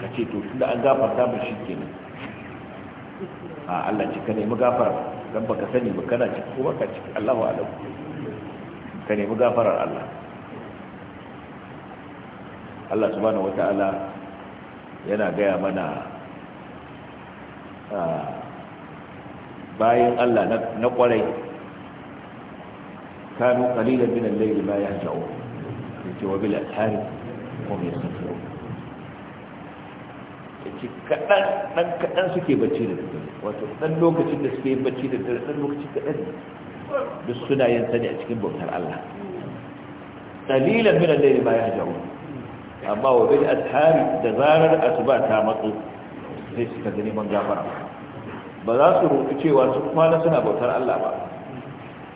ka ce to tunda an gafarta mu shi ke a Allah ce ka nemi gafara don baka sani ba kana ciki ko baka ciki Allahu alam ka nemi gafarar Allah Allah subhanahu wata'ala yana gaya mana bayan Allah na kwarai kanu qalilan min al-layli ma yahja'un yace wa bil ashari kuma ya san yau kaɗan ɗan kaɗan suke bacci da dare wato ɗan lokacin da suke bacci da dare ɗan lokaci kaɗan duk suna yin sani a cikin bautar Allah dalilan min al-layli ma yahjaru amma wa bil ashari da zarar asuba ta matso sai suka gani man gafara ba za su roƙi cewa su kwana suna bautar Allah ba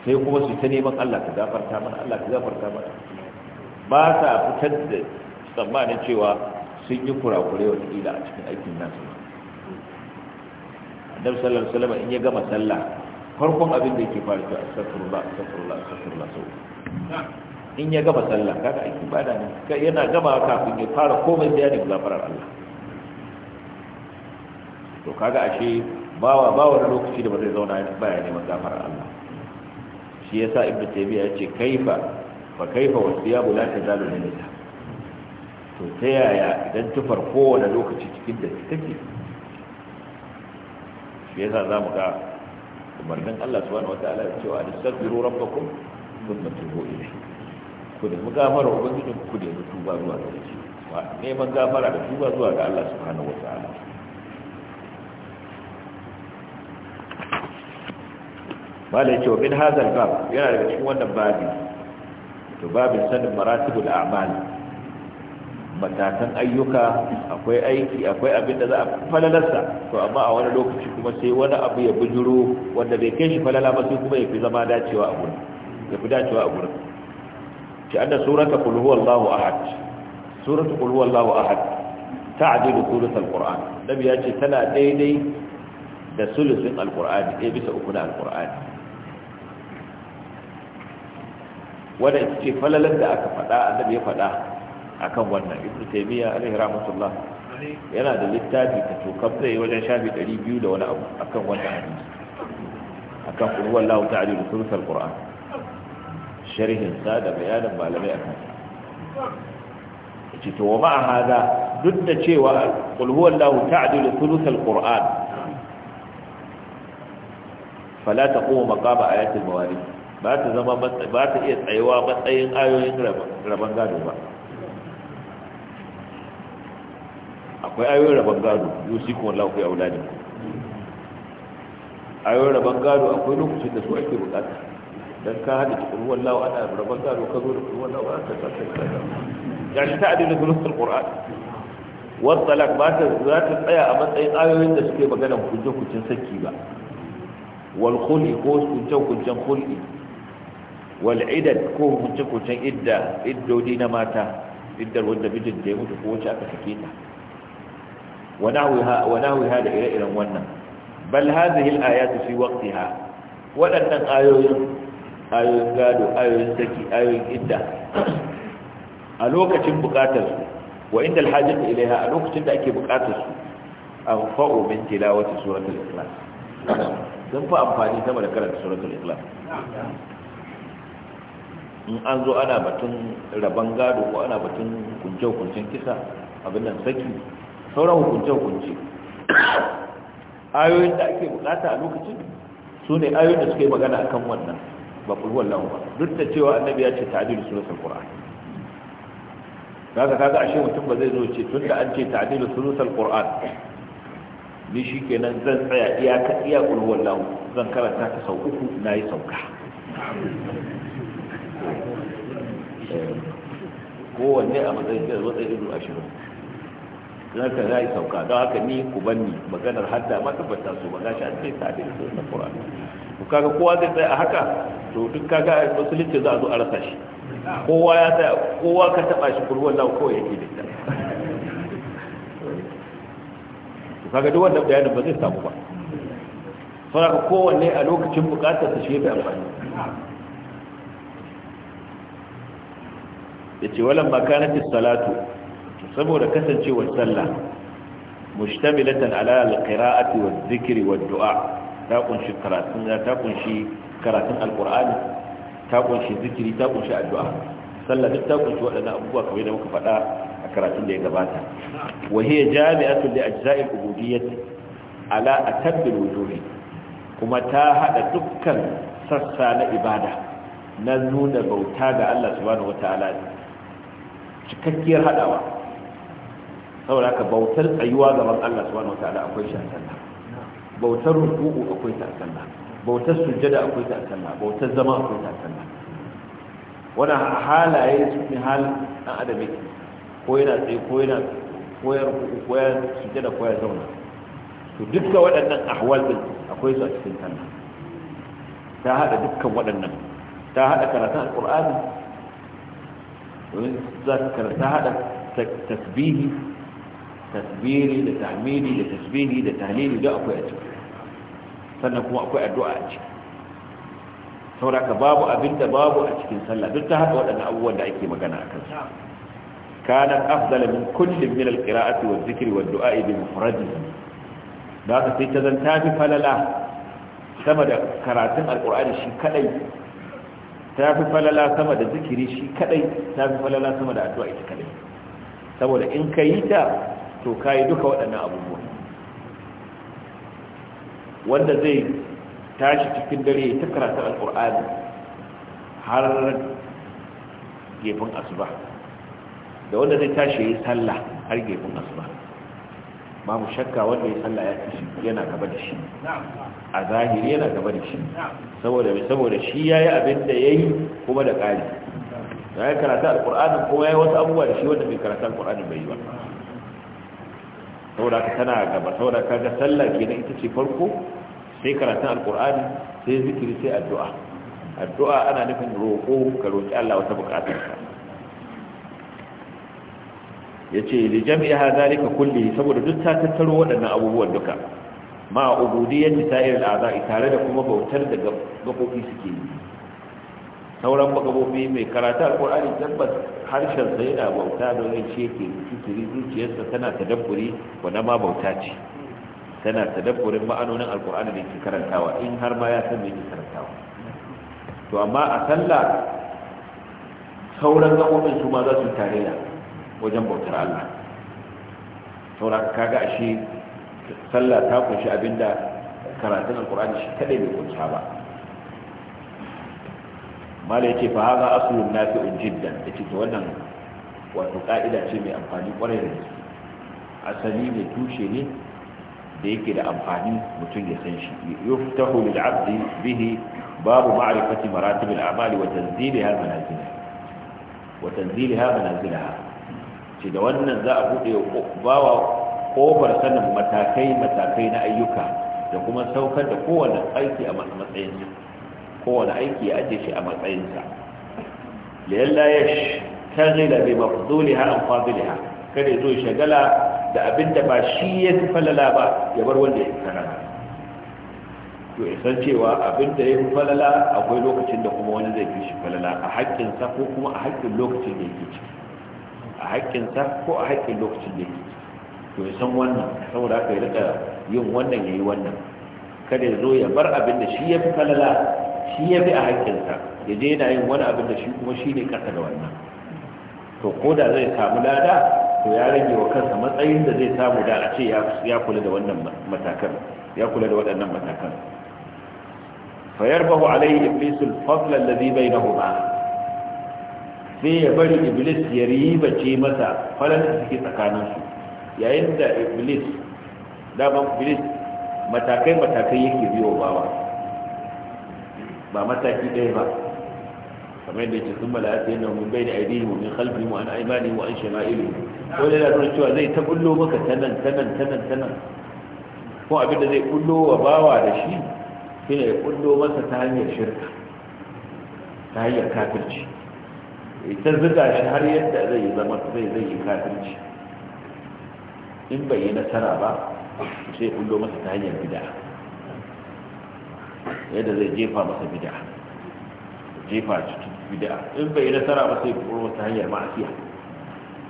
sai kuma su ta neman Allah ka gafarta mana Allah ka gafarta mana ba sa fitar da tsammanin cewa sun yi wa watakila a cikin aikin nasu annabi sallallahu alaihi wasallam in ya gama sallah farkon abin da yake fara cewa astaghfirullah astaghfirullah astaghfirullah sau in ya gama sallah kaga aiki ba da ne yana gama kafin ya fara komai da yana farar Allah to kaga ashe bawa bawa na lokaci da ba zai zauna ba ya neman gafarar Allah shi yasa ibnu taymiya ce kaifa fa kaifa wasiyabu la tazalu min nisa to ta yaya idan tufar kowane lokaci cikin da ke shi yasa za mu ga umarnin Allah su wani wata ya cewa astaghfiru sun mace tubu shi ku da gafara ubangijin ku da tuba zuwa ga shi neman gafara da tuba zuwa ga Allah su hana wata subhanahu ya ce cewa min hazar bab yana daga cikin wannan babi to babin sanin maratibul a'mal matakan ayyuka akwai aiki akwai abin da za a falalarsa to amma a wani lokaci kuma sai wani abu ya bujuro wanda bai kai shi falala ba sai kuma ya fi zama dacewa a gurin ya fi dacewa a gurin shi anna surata qul huwallahu ahad suratu qul huwallahu ahad ta'dilu thuluth alquran nabi ya ce tana daidai da sulusin alqur'ani ɗaya bisa uku na alqur'ani wanda ita ce falalar da aka fada annabi ya faɗa. akan wannan ibn taymiya alaihi rahmatullah yana da littafi ka tokam zai wajen shafi 200 da wani abu akan wannan hadisi akan qul huwallahu ta'ala thuluthul qur'an sharhin sa da bayanin malamai akan ce to wa ma'a hada duk da cewa qul huwallahu ta'ala thuluthul qur'an fala ta kuma makaba ayatul mawari ba ta zama ba ta iya tsayewa matsayin ayoyin rabon gado ba akwai ayoyin rabon gado yusikum wallahu fi auladikum ayoyin rabon gado akwai lokacin da su ake bukata don ka hada cikin ruwan lawa ana rabon gado ka zo da ruwan lawa ana ta sassan kada ya shi ta adina thuluth alquran wa talaq ba ta za ta tsaya a matsayin ayoyin da suke magana kunje kuncin saki ba wal khuli ko kunje kuncin khuli wal idad ko kunje kuncin idda iddodi na mata iddar wanda mijin da ya mutu ko wacce aka sake ta wa nahwiha da ire-iren wannan bal hadhihi al-ayatu fi waqtiha waɗannan ayoyin gado ayoyin saki ayoyin idda a lokacin bukatar su wa inda al-hajat ilaiha a lokacin da ake bukatar su anfa'u min sun fi amfani sama da karanta suratul in an zo ana batun rabon gado ko ana batun kunce-kuncen kisa abin nan saki sauran hukunce-hukunce ayoyin da ake bukata a lokacin su ne ayoyin da suka yi magana a kan wannan ba kulwar lawan ba duk da cewa annabi ya ce ta'adilu sulusar qur'an kaga kaga ashe mutum ba zai zo ce tun da an ce ta'adilu sulusar qur'an ni shi kenan zan tsaya iya ka iya kulwar lawan zan karanta ta sau uku na yi sauka eh, kowanne a matsayin da matsayin ashirin don ka za yi sauka don haka ni ku banni maganar hadda ma tabbata su ba gashi an ce da su na qur'ani to kaga kowa zai tsaya a haka to duk kaga musulunci za a zo a rasa shi kowa ya tsaya kowa ka taba shi kurwan lahu kawai yake da ita to kaga duk wannan bayanin ba zai samu ba saboda kowanne a lokacin bukatar ta shi ya amfani yace walamma kanat as-salatu saboda kasancewar sallah mushtamilatan ala alqira'ati wadh-dhikri wad-du'a ta kunshi karatun ta kunshi karatun alqur'ani ta kunshi zikiri ta kunshi addu'a sallah duk ta kunshi waɗannan abubuwa kamar da muka faɗa a karatun da ya gabata wa hiya jami'atu li ajza'il ubudiyyah ala atabbil wujuhi kuma ta hada dukkan sassa na ibada na nuna bauta ga Allah subhanahu wataala cikakkiyar hadawa saboda ka bautar tsayuwa gaban Allah subhanahu wataala akwai shi a sallah bautar ruku'u akwai ta a sallah bautar sujjada akwai ta a sallah bautar zama akwai ta a sallah wannan halaye su ne hal dan adam yake ko yana tsaye ko yana koyar ko ya sujjada ko ya zauna to dukkan waɗannan ahwal din akwai su a cikin sallah ta hada dukkan waɗannan ta hada karatun alqur'ani ta hada tasbihi tasbiri da tahmidi da tasbihi da tahlili da akwai a ciki sannan kuma akwai addu'a a ciki sauraka babu abin da babu a cikin sallah duk ta haɗa waɗannan abubuwan da ake magana a kansu kana afdala min kulli min alqira'ati wa dhikri wa du'a bi mufradi da ka sai ta zanta fi falala sama da karatun alqur'ani shi kadai ta fi falala sama da zikiri shi kadai ta fi falala sama da addu'a ita kadai saboda in ka yi ta to ka yi duka waɗannan abubuwa wanda zai tashi cikin dare ta karatun alkur'ani har gefen asuba da wanda zai tashi ya yi sallah har gefen asuba Ba mu shakka wanda ya sallah ya fi yana gaba da shi a zahiri yana gaba da shi saboda saboda shi ya yi abin da ya yi kuma da ƙari ya yi karatu alƙur'anin kuma ya yi wasu abubuwa da shi wanda mai karatu alƙur'anin bai yi ba saboda ka tana gaba saboda ka ga sallah kenan ita ce farko sai karatun alkur'ani sai zikiri sai addu'a addu'a ana nufin roƙo ka roƙi Allah wata ya yace li jami'a ka kulli saboda duk ta tattaro waɗannan abubuwan duka ma ta yi al'aza'i tare da kuma bautar da gabobi suke yi sauran magabobi mai karatu alkur'ani tabbas harshen sa yana bauta domin ce ke fikiri zuciyarsa tana tadabburi wanda ma bauta ce tana tadabburin ma'anonin alkur'ani da ke karantawa in har ma ya san me ke karantawa to amma a sallah sauran gabobin su ma za su da wajen bautar Allah sauran kaga ashe sallah ta kunshi abinda karatun alkur'ani shi kadai bai kunsa ba mala yace fa hadha aslun nafi'un jiddan yace to wannan wato ka'ida ce mai amfani kwarai da gaske asali ne tushe ne da yake da amfani mutum ya san shi yuftahu lil 'abdi bihi babu ma'rifati maratib al-a'mali wa tanziliha manazila wa tanziliha manazilaha ce da wannan za a bude bawa kofar sanin matakai matakai na ayyuka da kuma saukar da kowane aiki a matsayinsa kowane aiki ya ajiye shi a matsayinsa liyalla ya shagila bi mafduliha an fadliha kada ya zo shagala da abin da ba shi ya fi falala ba ya bar wanda ya fi falala to ya san cewa abin da ya fi falala akwai lokacin da kuma wani zai fi shi falala a sa ko kuma a haƙƙin lokacin da yake ciki a sa ko a haƙƙin lokacin da yake ciki to ya san wannan saboda haka ya riƙa yin wannan ya yi wannan kada ya zo ya bar abin da shi ya fi falala shi ya fi a haƙƙinsa ya je yana yin wani abin da shi kuma shi ne ƙasa da wannan to ko da zai samu lada to ya rage wa kansa matsayin da zai samu da a ce ya kula da wannan matakan ya kula da waɗannan matakan fa yarbahu alayhi iblis fadl alladhi bainahuma sai ya bari iblis ya riba ce masa falan da suke tsakanin yayin da iblis da iblis matakai matakai yake biyo bawa ba mataki ɗaya ba kamar da yake sun mala'ata yana mun bai da aidihi mun khalfi mu an aimani mu an shama'ilu ko da yana cewa zai ta bullo maka tanan tanan tanan tanan ko abin da zai bullo wa bawa da shi shine ya bullo masa ta hanyar shirka ta hanyar kafirci ita zuga shi har yadda zai zama zai zai yi kafirci in bai yi nasara ba sai bullo masa ta hanyar bid'a yadda zai jefa masa bid'a jefa cikin bid'a in bai nasara ba sai kuma wata hanyar ma'asiya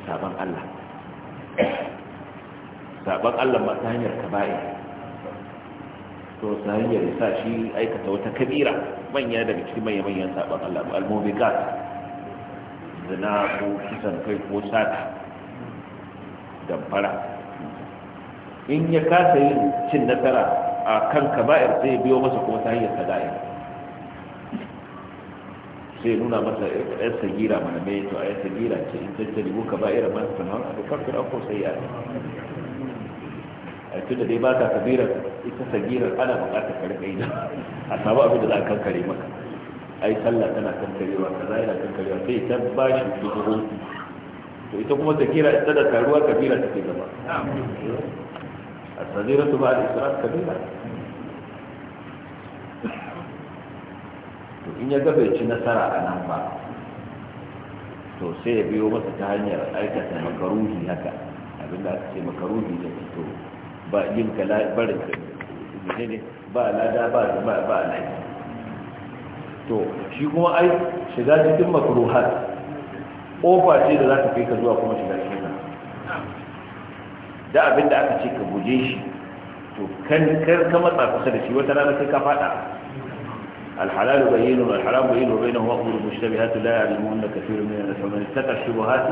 saban Allah saban Allah ma ta hanyar kaba'i to ta hanyar sa shi aikata wata kabira manya daga cikin manya manyan saban Allah al gas, zina ko kisan kai ko sata damfara in ya kasa yin cin nasara a kan kaba'ir sai biyo masa kuma ta hanyar kaba'ir sai nuna masa yan sagira mana mai to a yan sagira ce in tattali ko kaba'ir ma ta nan a dukkan fir'aun sai ya a tun da dai ba ta kabirar ita sagirar ana bukatar karɓe ina a samu abin da za a kankare maka ai sallah tana kankarewa yi yana kankarewa sai ta ba shi dubu to ita kuma sagira ita da taruwa kabila ke gaba الصغيرة بعد إسراف كبيرة in ya gaba ci nasara a nan ba to sai ya biyo masa ta hanyar aikata makaruhi haka abinda aka ce makaruhi da to ba yin ka barin ka ba lada ba ba ba lai to shi kuma ai shiga cikin makruhat kofa ce da za ta kai ka zuwa kuma shiga da abin da aka ce ka buje shi to kan kar ka matsa kusa da shi wata rana sai ka fada الحلال بين والحرام بين وبينهما امور مشتبهات لا يعلمهن كثير من الناس ومن اتقى الشبهات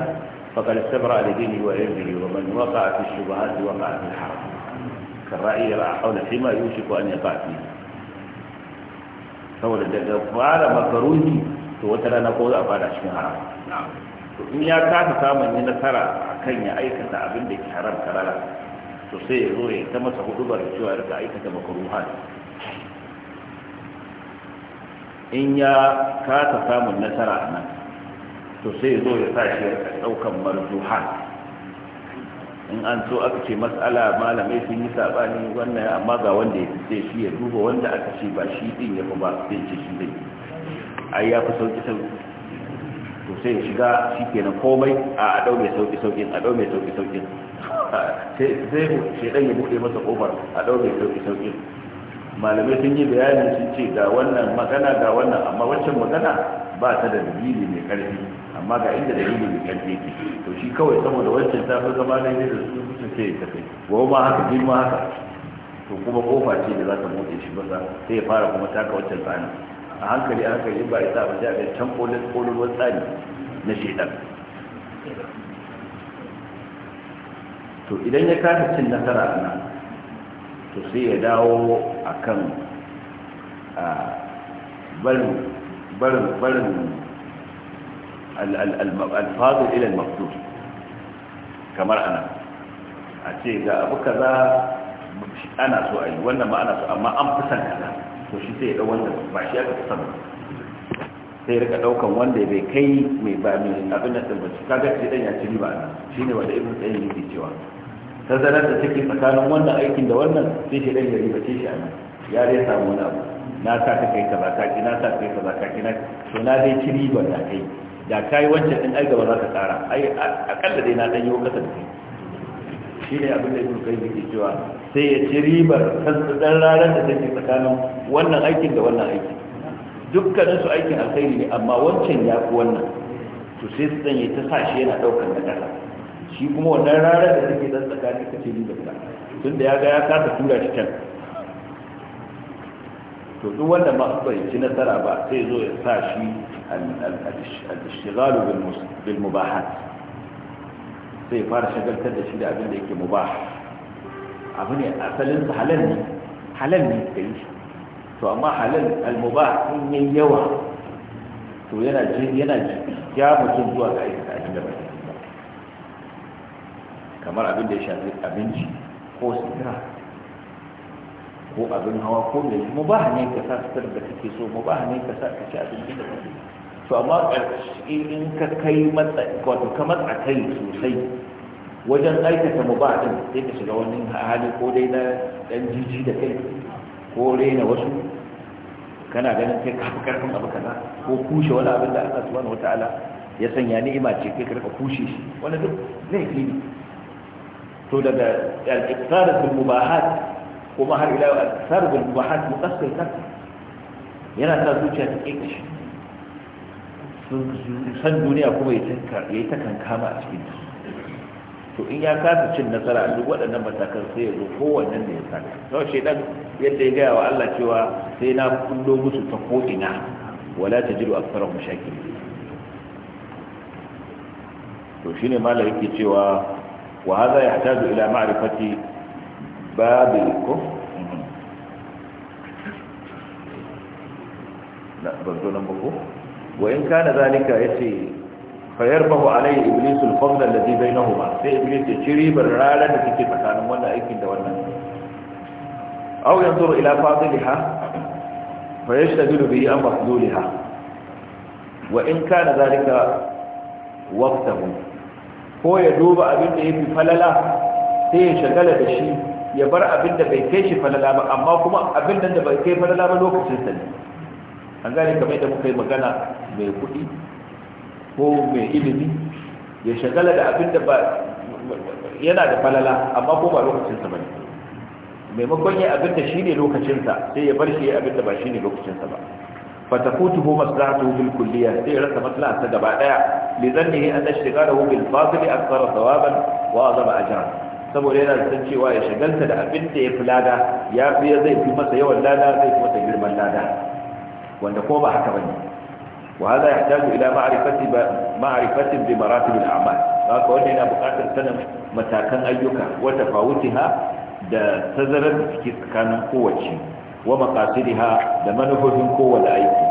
فقد استبرا لدينه وعرضه ومن وقع في الشبهات وقع في الحرام كالرأي يرعى حول فيما يوشك ان يقع فيه saboda daga fara makaroni to wata rana ko za a fara cikin haram to in ya samun nasara Kan ya aikata abin da ke haram karara to sai ya zo ya ta masa da cewa rika aikata makaruha in ya kasa samun nasara a nan to sai ya zo ya sa shi ɗaukan marzuha in an so aka ce matsala malamai sun yi saɓani wannan amma ga wanda ya fi shi ya duba wanda aka ce ba shi din ya fi ba sai ce shi zai ai ya fi sauki sauki to sai ya shiga shi ke na komai a ɗau mai sauƙi a ɗau mai sauƙi sai shaidan ya buɗe masa ƙofar a ɗau mai sauƙi malamai sun yi bayanin sun ce ga wannan magana ga wannan amma wancan magana ba ta da dalili mai ƙarfi amma ga inda dalili mai ƙarfi ke to shi kawai saboda wancan ta fi zama daidai da su su ce ya tafi gobe ma haka jin ma haka to kuma ƙofa ce da za ta buɗe shi ba sai ya fara kuma taka wancan tsanin a hankali a hankali ba ya sa ba sai a can kololuwar tsari na shaidan to idan ya kasa cin nasara a nan to sai ya dawo a kan barin alfazin ilal mafdud kamar ana a ce ga abu kaza ana so a yi wannan ma ana so amma an fi san kaza to shi sai ya ɗau wanda ba shi aka sama. sai rika daukan wanda bai kai mai ba mai abin da tsalbaci kaga shi dan ya ci riba shine wanda irin tsayin yake cewa tazarar da take tsakanin wannan aikin da wannan sai shi ɗan ya riba ce shi a nan ya dai samu wani abu na sa ka kai kaza ka na sa ka kai kaza ka na to na dai ci riba da kai da kai wancan ɗin ai gaba za ka tsara ai akalla dai na ɗan yi ƙasa da kai shi ne abin da ibn qayyim ke cewa sai ya ci ribar ɗan dan ranar da take tsakanin wannan aikin da wannan aikin dukkanin su aikin alkhairi ne amma wancan ya fi wannan to sai su sanya ta sa shi yana ɗaukar da ƙasa shi kuma wannan ranar da take ɗan tsakanin ta ce ribar ta da ya ga ya kasa tura shi can to duk wanda ba bai ci nasara ba sai zo ya sa shi al-ishtighal bil mubahat Zai fara shagaltar da shi da abin da yake mubah abu ne asalin sa halal ne halal ne ka yi to amma halal al-mubah in yayi yawa to yana yana ya mutum zuwa ga da abin da ba kamar abin da ya shafi abinci ko sutura ko abin hawa ko mai mubah ne ka sa sitar da kake so Mu mubah ne ka sa ka ci abinci da kake to amma in ka kai matsa wato ka matsa kai sosai wajen aikata mu ba din sai ka shiga wani hali ko dai na ɗan jiji da kai ko rena wasu kana ganin kai ka karfin abu kaza ko kushe wani abin da Allah subhanahu wataala ya sanya ni'ima ce kai ka rika kushe shi wani duk laifi ne to daga al-iqtar bil mubahat kuma har ila al-iqtar bil mu muqassir kan yana sa zuciya ta kike shi san duniya kuma ya yi ta kankama a cikin ta to in ya kasa cin nasara duk waɗannan matakan sai ya zo kowannen da ya saka sau shaidan yadda ya gaya wa Allah cewa sai na kullo musu ta ko'ina wala ta jiru a farar mashaki to shi ne malar yake cewa wa haza ya hata ila ma'arifati babu ko na ban nan ba ko wa in kana zalika ya ce fayarbahu alai iblis al-fadl alladhi bainahuma sai iblis ya ciri bar ranar da take tsakanin wannan aikin da wannan aw yanzuru ila fadliha fayashtaghilu bihi an mafdulha wa in kana zalika waqtahu ko ya duba abin da yafi falala sai ya shagala da shi ya bar abin da bai kai shi falala ba amma kuma abin da bai kai falala ba lokacin sa ne an gane kamar da muka yi magana mai kuɗi ko mai ilimi ya shagala da abin da yana da falala amma ko ba lokacinsa ba ne maimakon yi abin da shi ne lokacinsa sai ya bar shi ya abin da ba shi ne lokacinsa ba fata kutu ho masu zata hukun kulliya sai rasa matsalarsa gaba daya lizanni ya an dashi gara hukun fasili a tsara sawaban wa a zama a jan saboda yana da san cewa ya shagalta da abin da ya fi lada ya fiye zai fi masa yawan lada zai fi masa girman lada wanda ko ba haka ba ne وهذا يحتاج إلى معرفة معرفة بمراتب الأعمال فأقول هنا بقاطع سنة متاكا أيك وتفاوتها da tazarar da suke tsakanin kowace wa maqasidiha da manufofin kowace aiki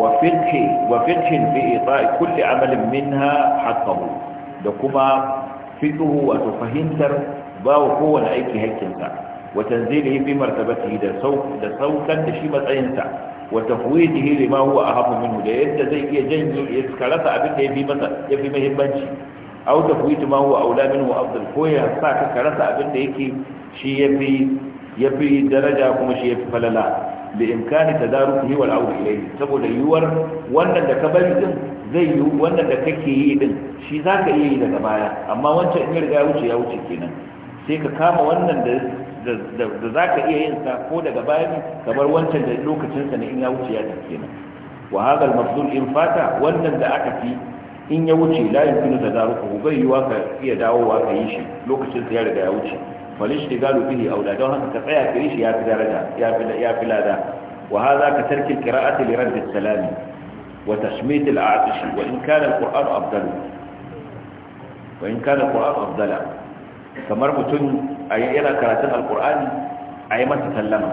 wa fiqhi wa fiqhin bi amalin minha haqqahu da kuma fiqhu wa fahimtar bawa wa aiki hakkinsa wa zai bi martabatihi da sau da da shi matsayinsa wa tafwidihi lima huwa ahammu minhu da yadda zai iya janye ya karasa abin da yafi masa yafi muhimmanci aw tafwid ma huwa aula minhu afdal ko ya sa ka karasa abin da yake shi daraja kuma shi yafi falala bi imkani tadarukihi wal aud ilayhi saboda yuwar wannan da ka bari din zai yi wannan da kake yi din shi zaka iya yi daga baya amma wancan in riga wuce ya wuce kenan sai ka kama wannan da da za ka iya yin sa ko daga bayan kamar wancan da lokacinsa na in ya wuce ya tafi kenan wa hadal mafdul in fata wannan da aka fi in ya wuce layin la yumkinu tadaruku bai yiwa ka iya dawowa ka yi shi lokacin sa ya riga ya wuce falish tigalu bihi aula don haka ka tsaya ka yi shi ya fi daraja ya fi ya fi lada wa hadha ka tarki qira'ati li radd salami wa tashmit al-a'tish wa in kana al-qur'an afdal wa in kana al-qur'an afdala kamar mutum yana karatun alkur'ani a yi masa sallama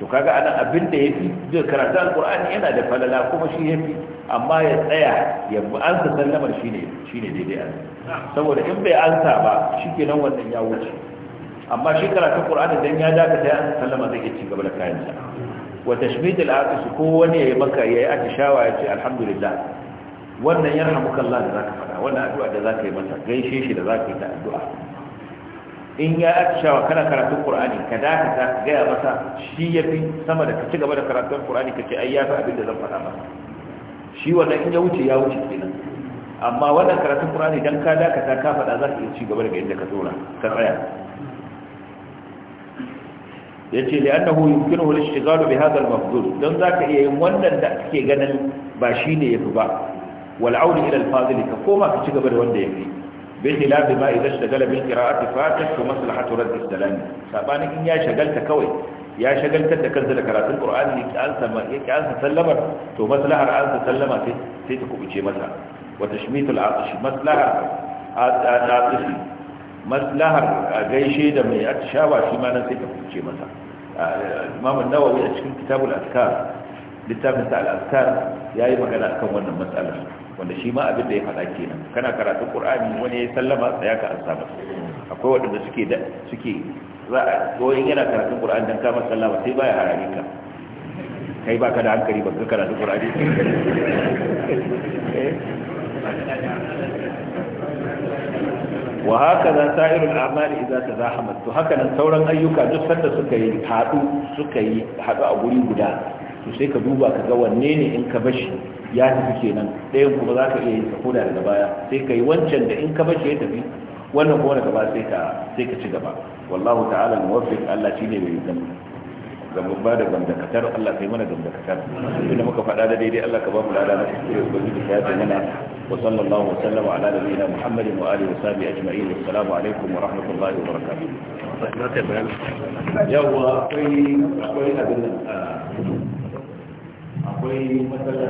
to kaga anan abin da ya fi da karatun alkur'ani yana da falala kuma shi ya fi amma ya tsaya ya bi an sa sallamar shi ne daidai an saboda in bai ansa ba shi ke nan wannan ya wuce amma shi karatun qur'ani dan ya dakata ya ansa sallama zai ci gaba da kayansa wa tashmid al-aqis ko wani ya maka yayi atishawa ya ce alhamdulillah wannan yarhamukallah da zaka fada wannan addu'a da zaka yi masa gaishe shi da zaka yi ta addu'a in ya atishawa kana karatun qur'ani ka dakata ka gaya masa shi ya fi sama da ka ci gaba da karatun qur'ani ka ce ai ya fi abin da zan faɗa ba. shi wannan in ya wuce ya wuce kenan amma wannan karatun qur'ani dan ka dakata ka faɗa za ka iya ci gaba daga yadda ka tsora ka tsaya Ya ce yace li annahu yumkinuhu al-ishtighal bi hadha al Don za ka iya yin wannan da kake ganin ba shi ne ya fi ba, ila al fazili, ka koma ka ci gaba da wanda ya fi. بخلاف ما إذا اشتغل بالقراءة فاتت مصلحة رد السلام سابانا إن يا شغلت كوي يا شغلت تكنزل قراءة القرآن يكأنس سلمر تو مصلحة أنس في في بشي مسا وتشميت العطش مصلحة عطش مصلحة جيشي دمي أتشاوى شما نتكو بشي مسا الإمام آه، النووي أشكل كتاب الأذكار لتابع الأذكار يا إما كان أكون مسألة wanda shi ma abin da ya faɗa kenan kana karatun qur'ani wani ya sallama tsaya ka ansa masa akwai waɗanda suke da suke za a ko in yana karatun qur'ani dan kama sallama sai baya harare ka kai baka da hankali ba ka karatun qur'ani eh. wa haka za sa'iru al'amali idza tazahamat to haka nan sauran ayyuka duk sanda suka yi hadu suka yi hadu a guri guda to sai ka duba ka ga wanne ne in ka bashi ya tafi kenan ɗayan kuma za ka iya yin koda daga baya sai ka yi wancan da in ka bace ya tafi wannan kuma daga baya sai ka sai ka ci gaba wallahu ta'ala muwaffiq Allah shine mai zama zama ba da gamdakatar Allah kai mana gamdakatar inda muka faɗa da daidai Allah ka ba mu lada na kuskure gobe duk ya ta mana wa sallallahu wa sallama ala nabiyyina Muhammadin wa alihi wa sahbihi ajma'in assalamu alaikum wa rahmatullahi wa barakatuh yawa akwai akwai abin ah, akwai matsala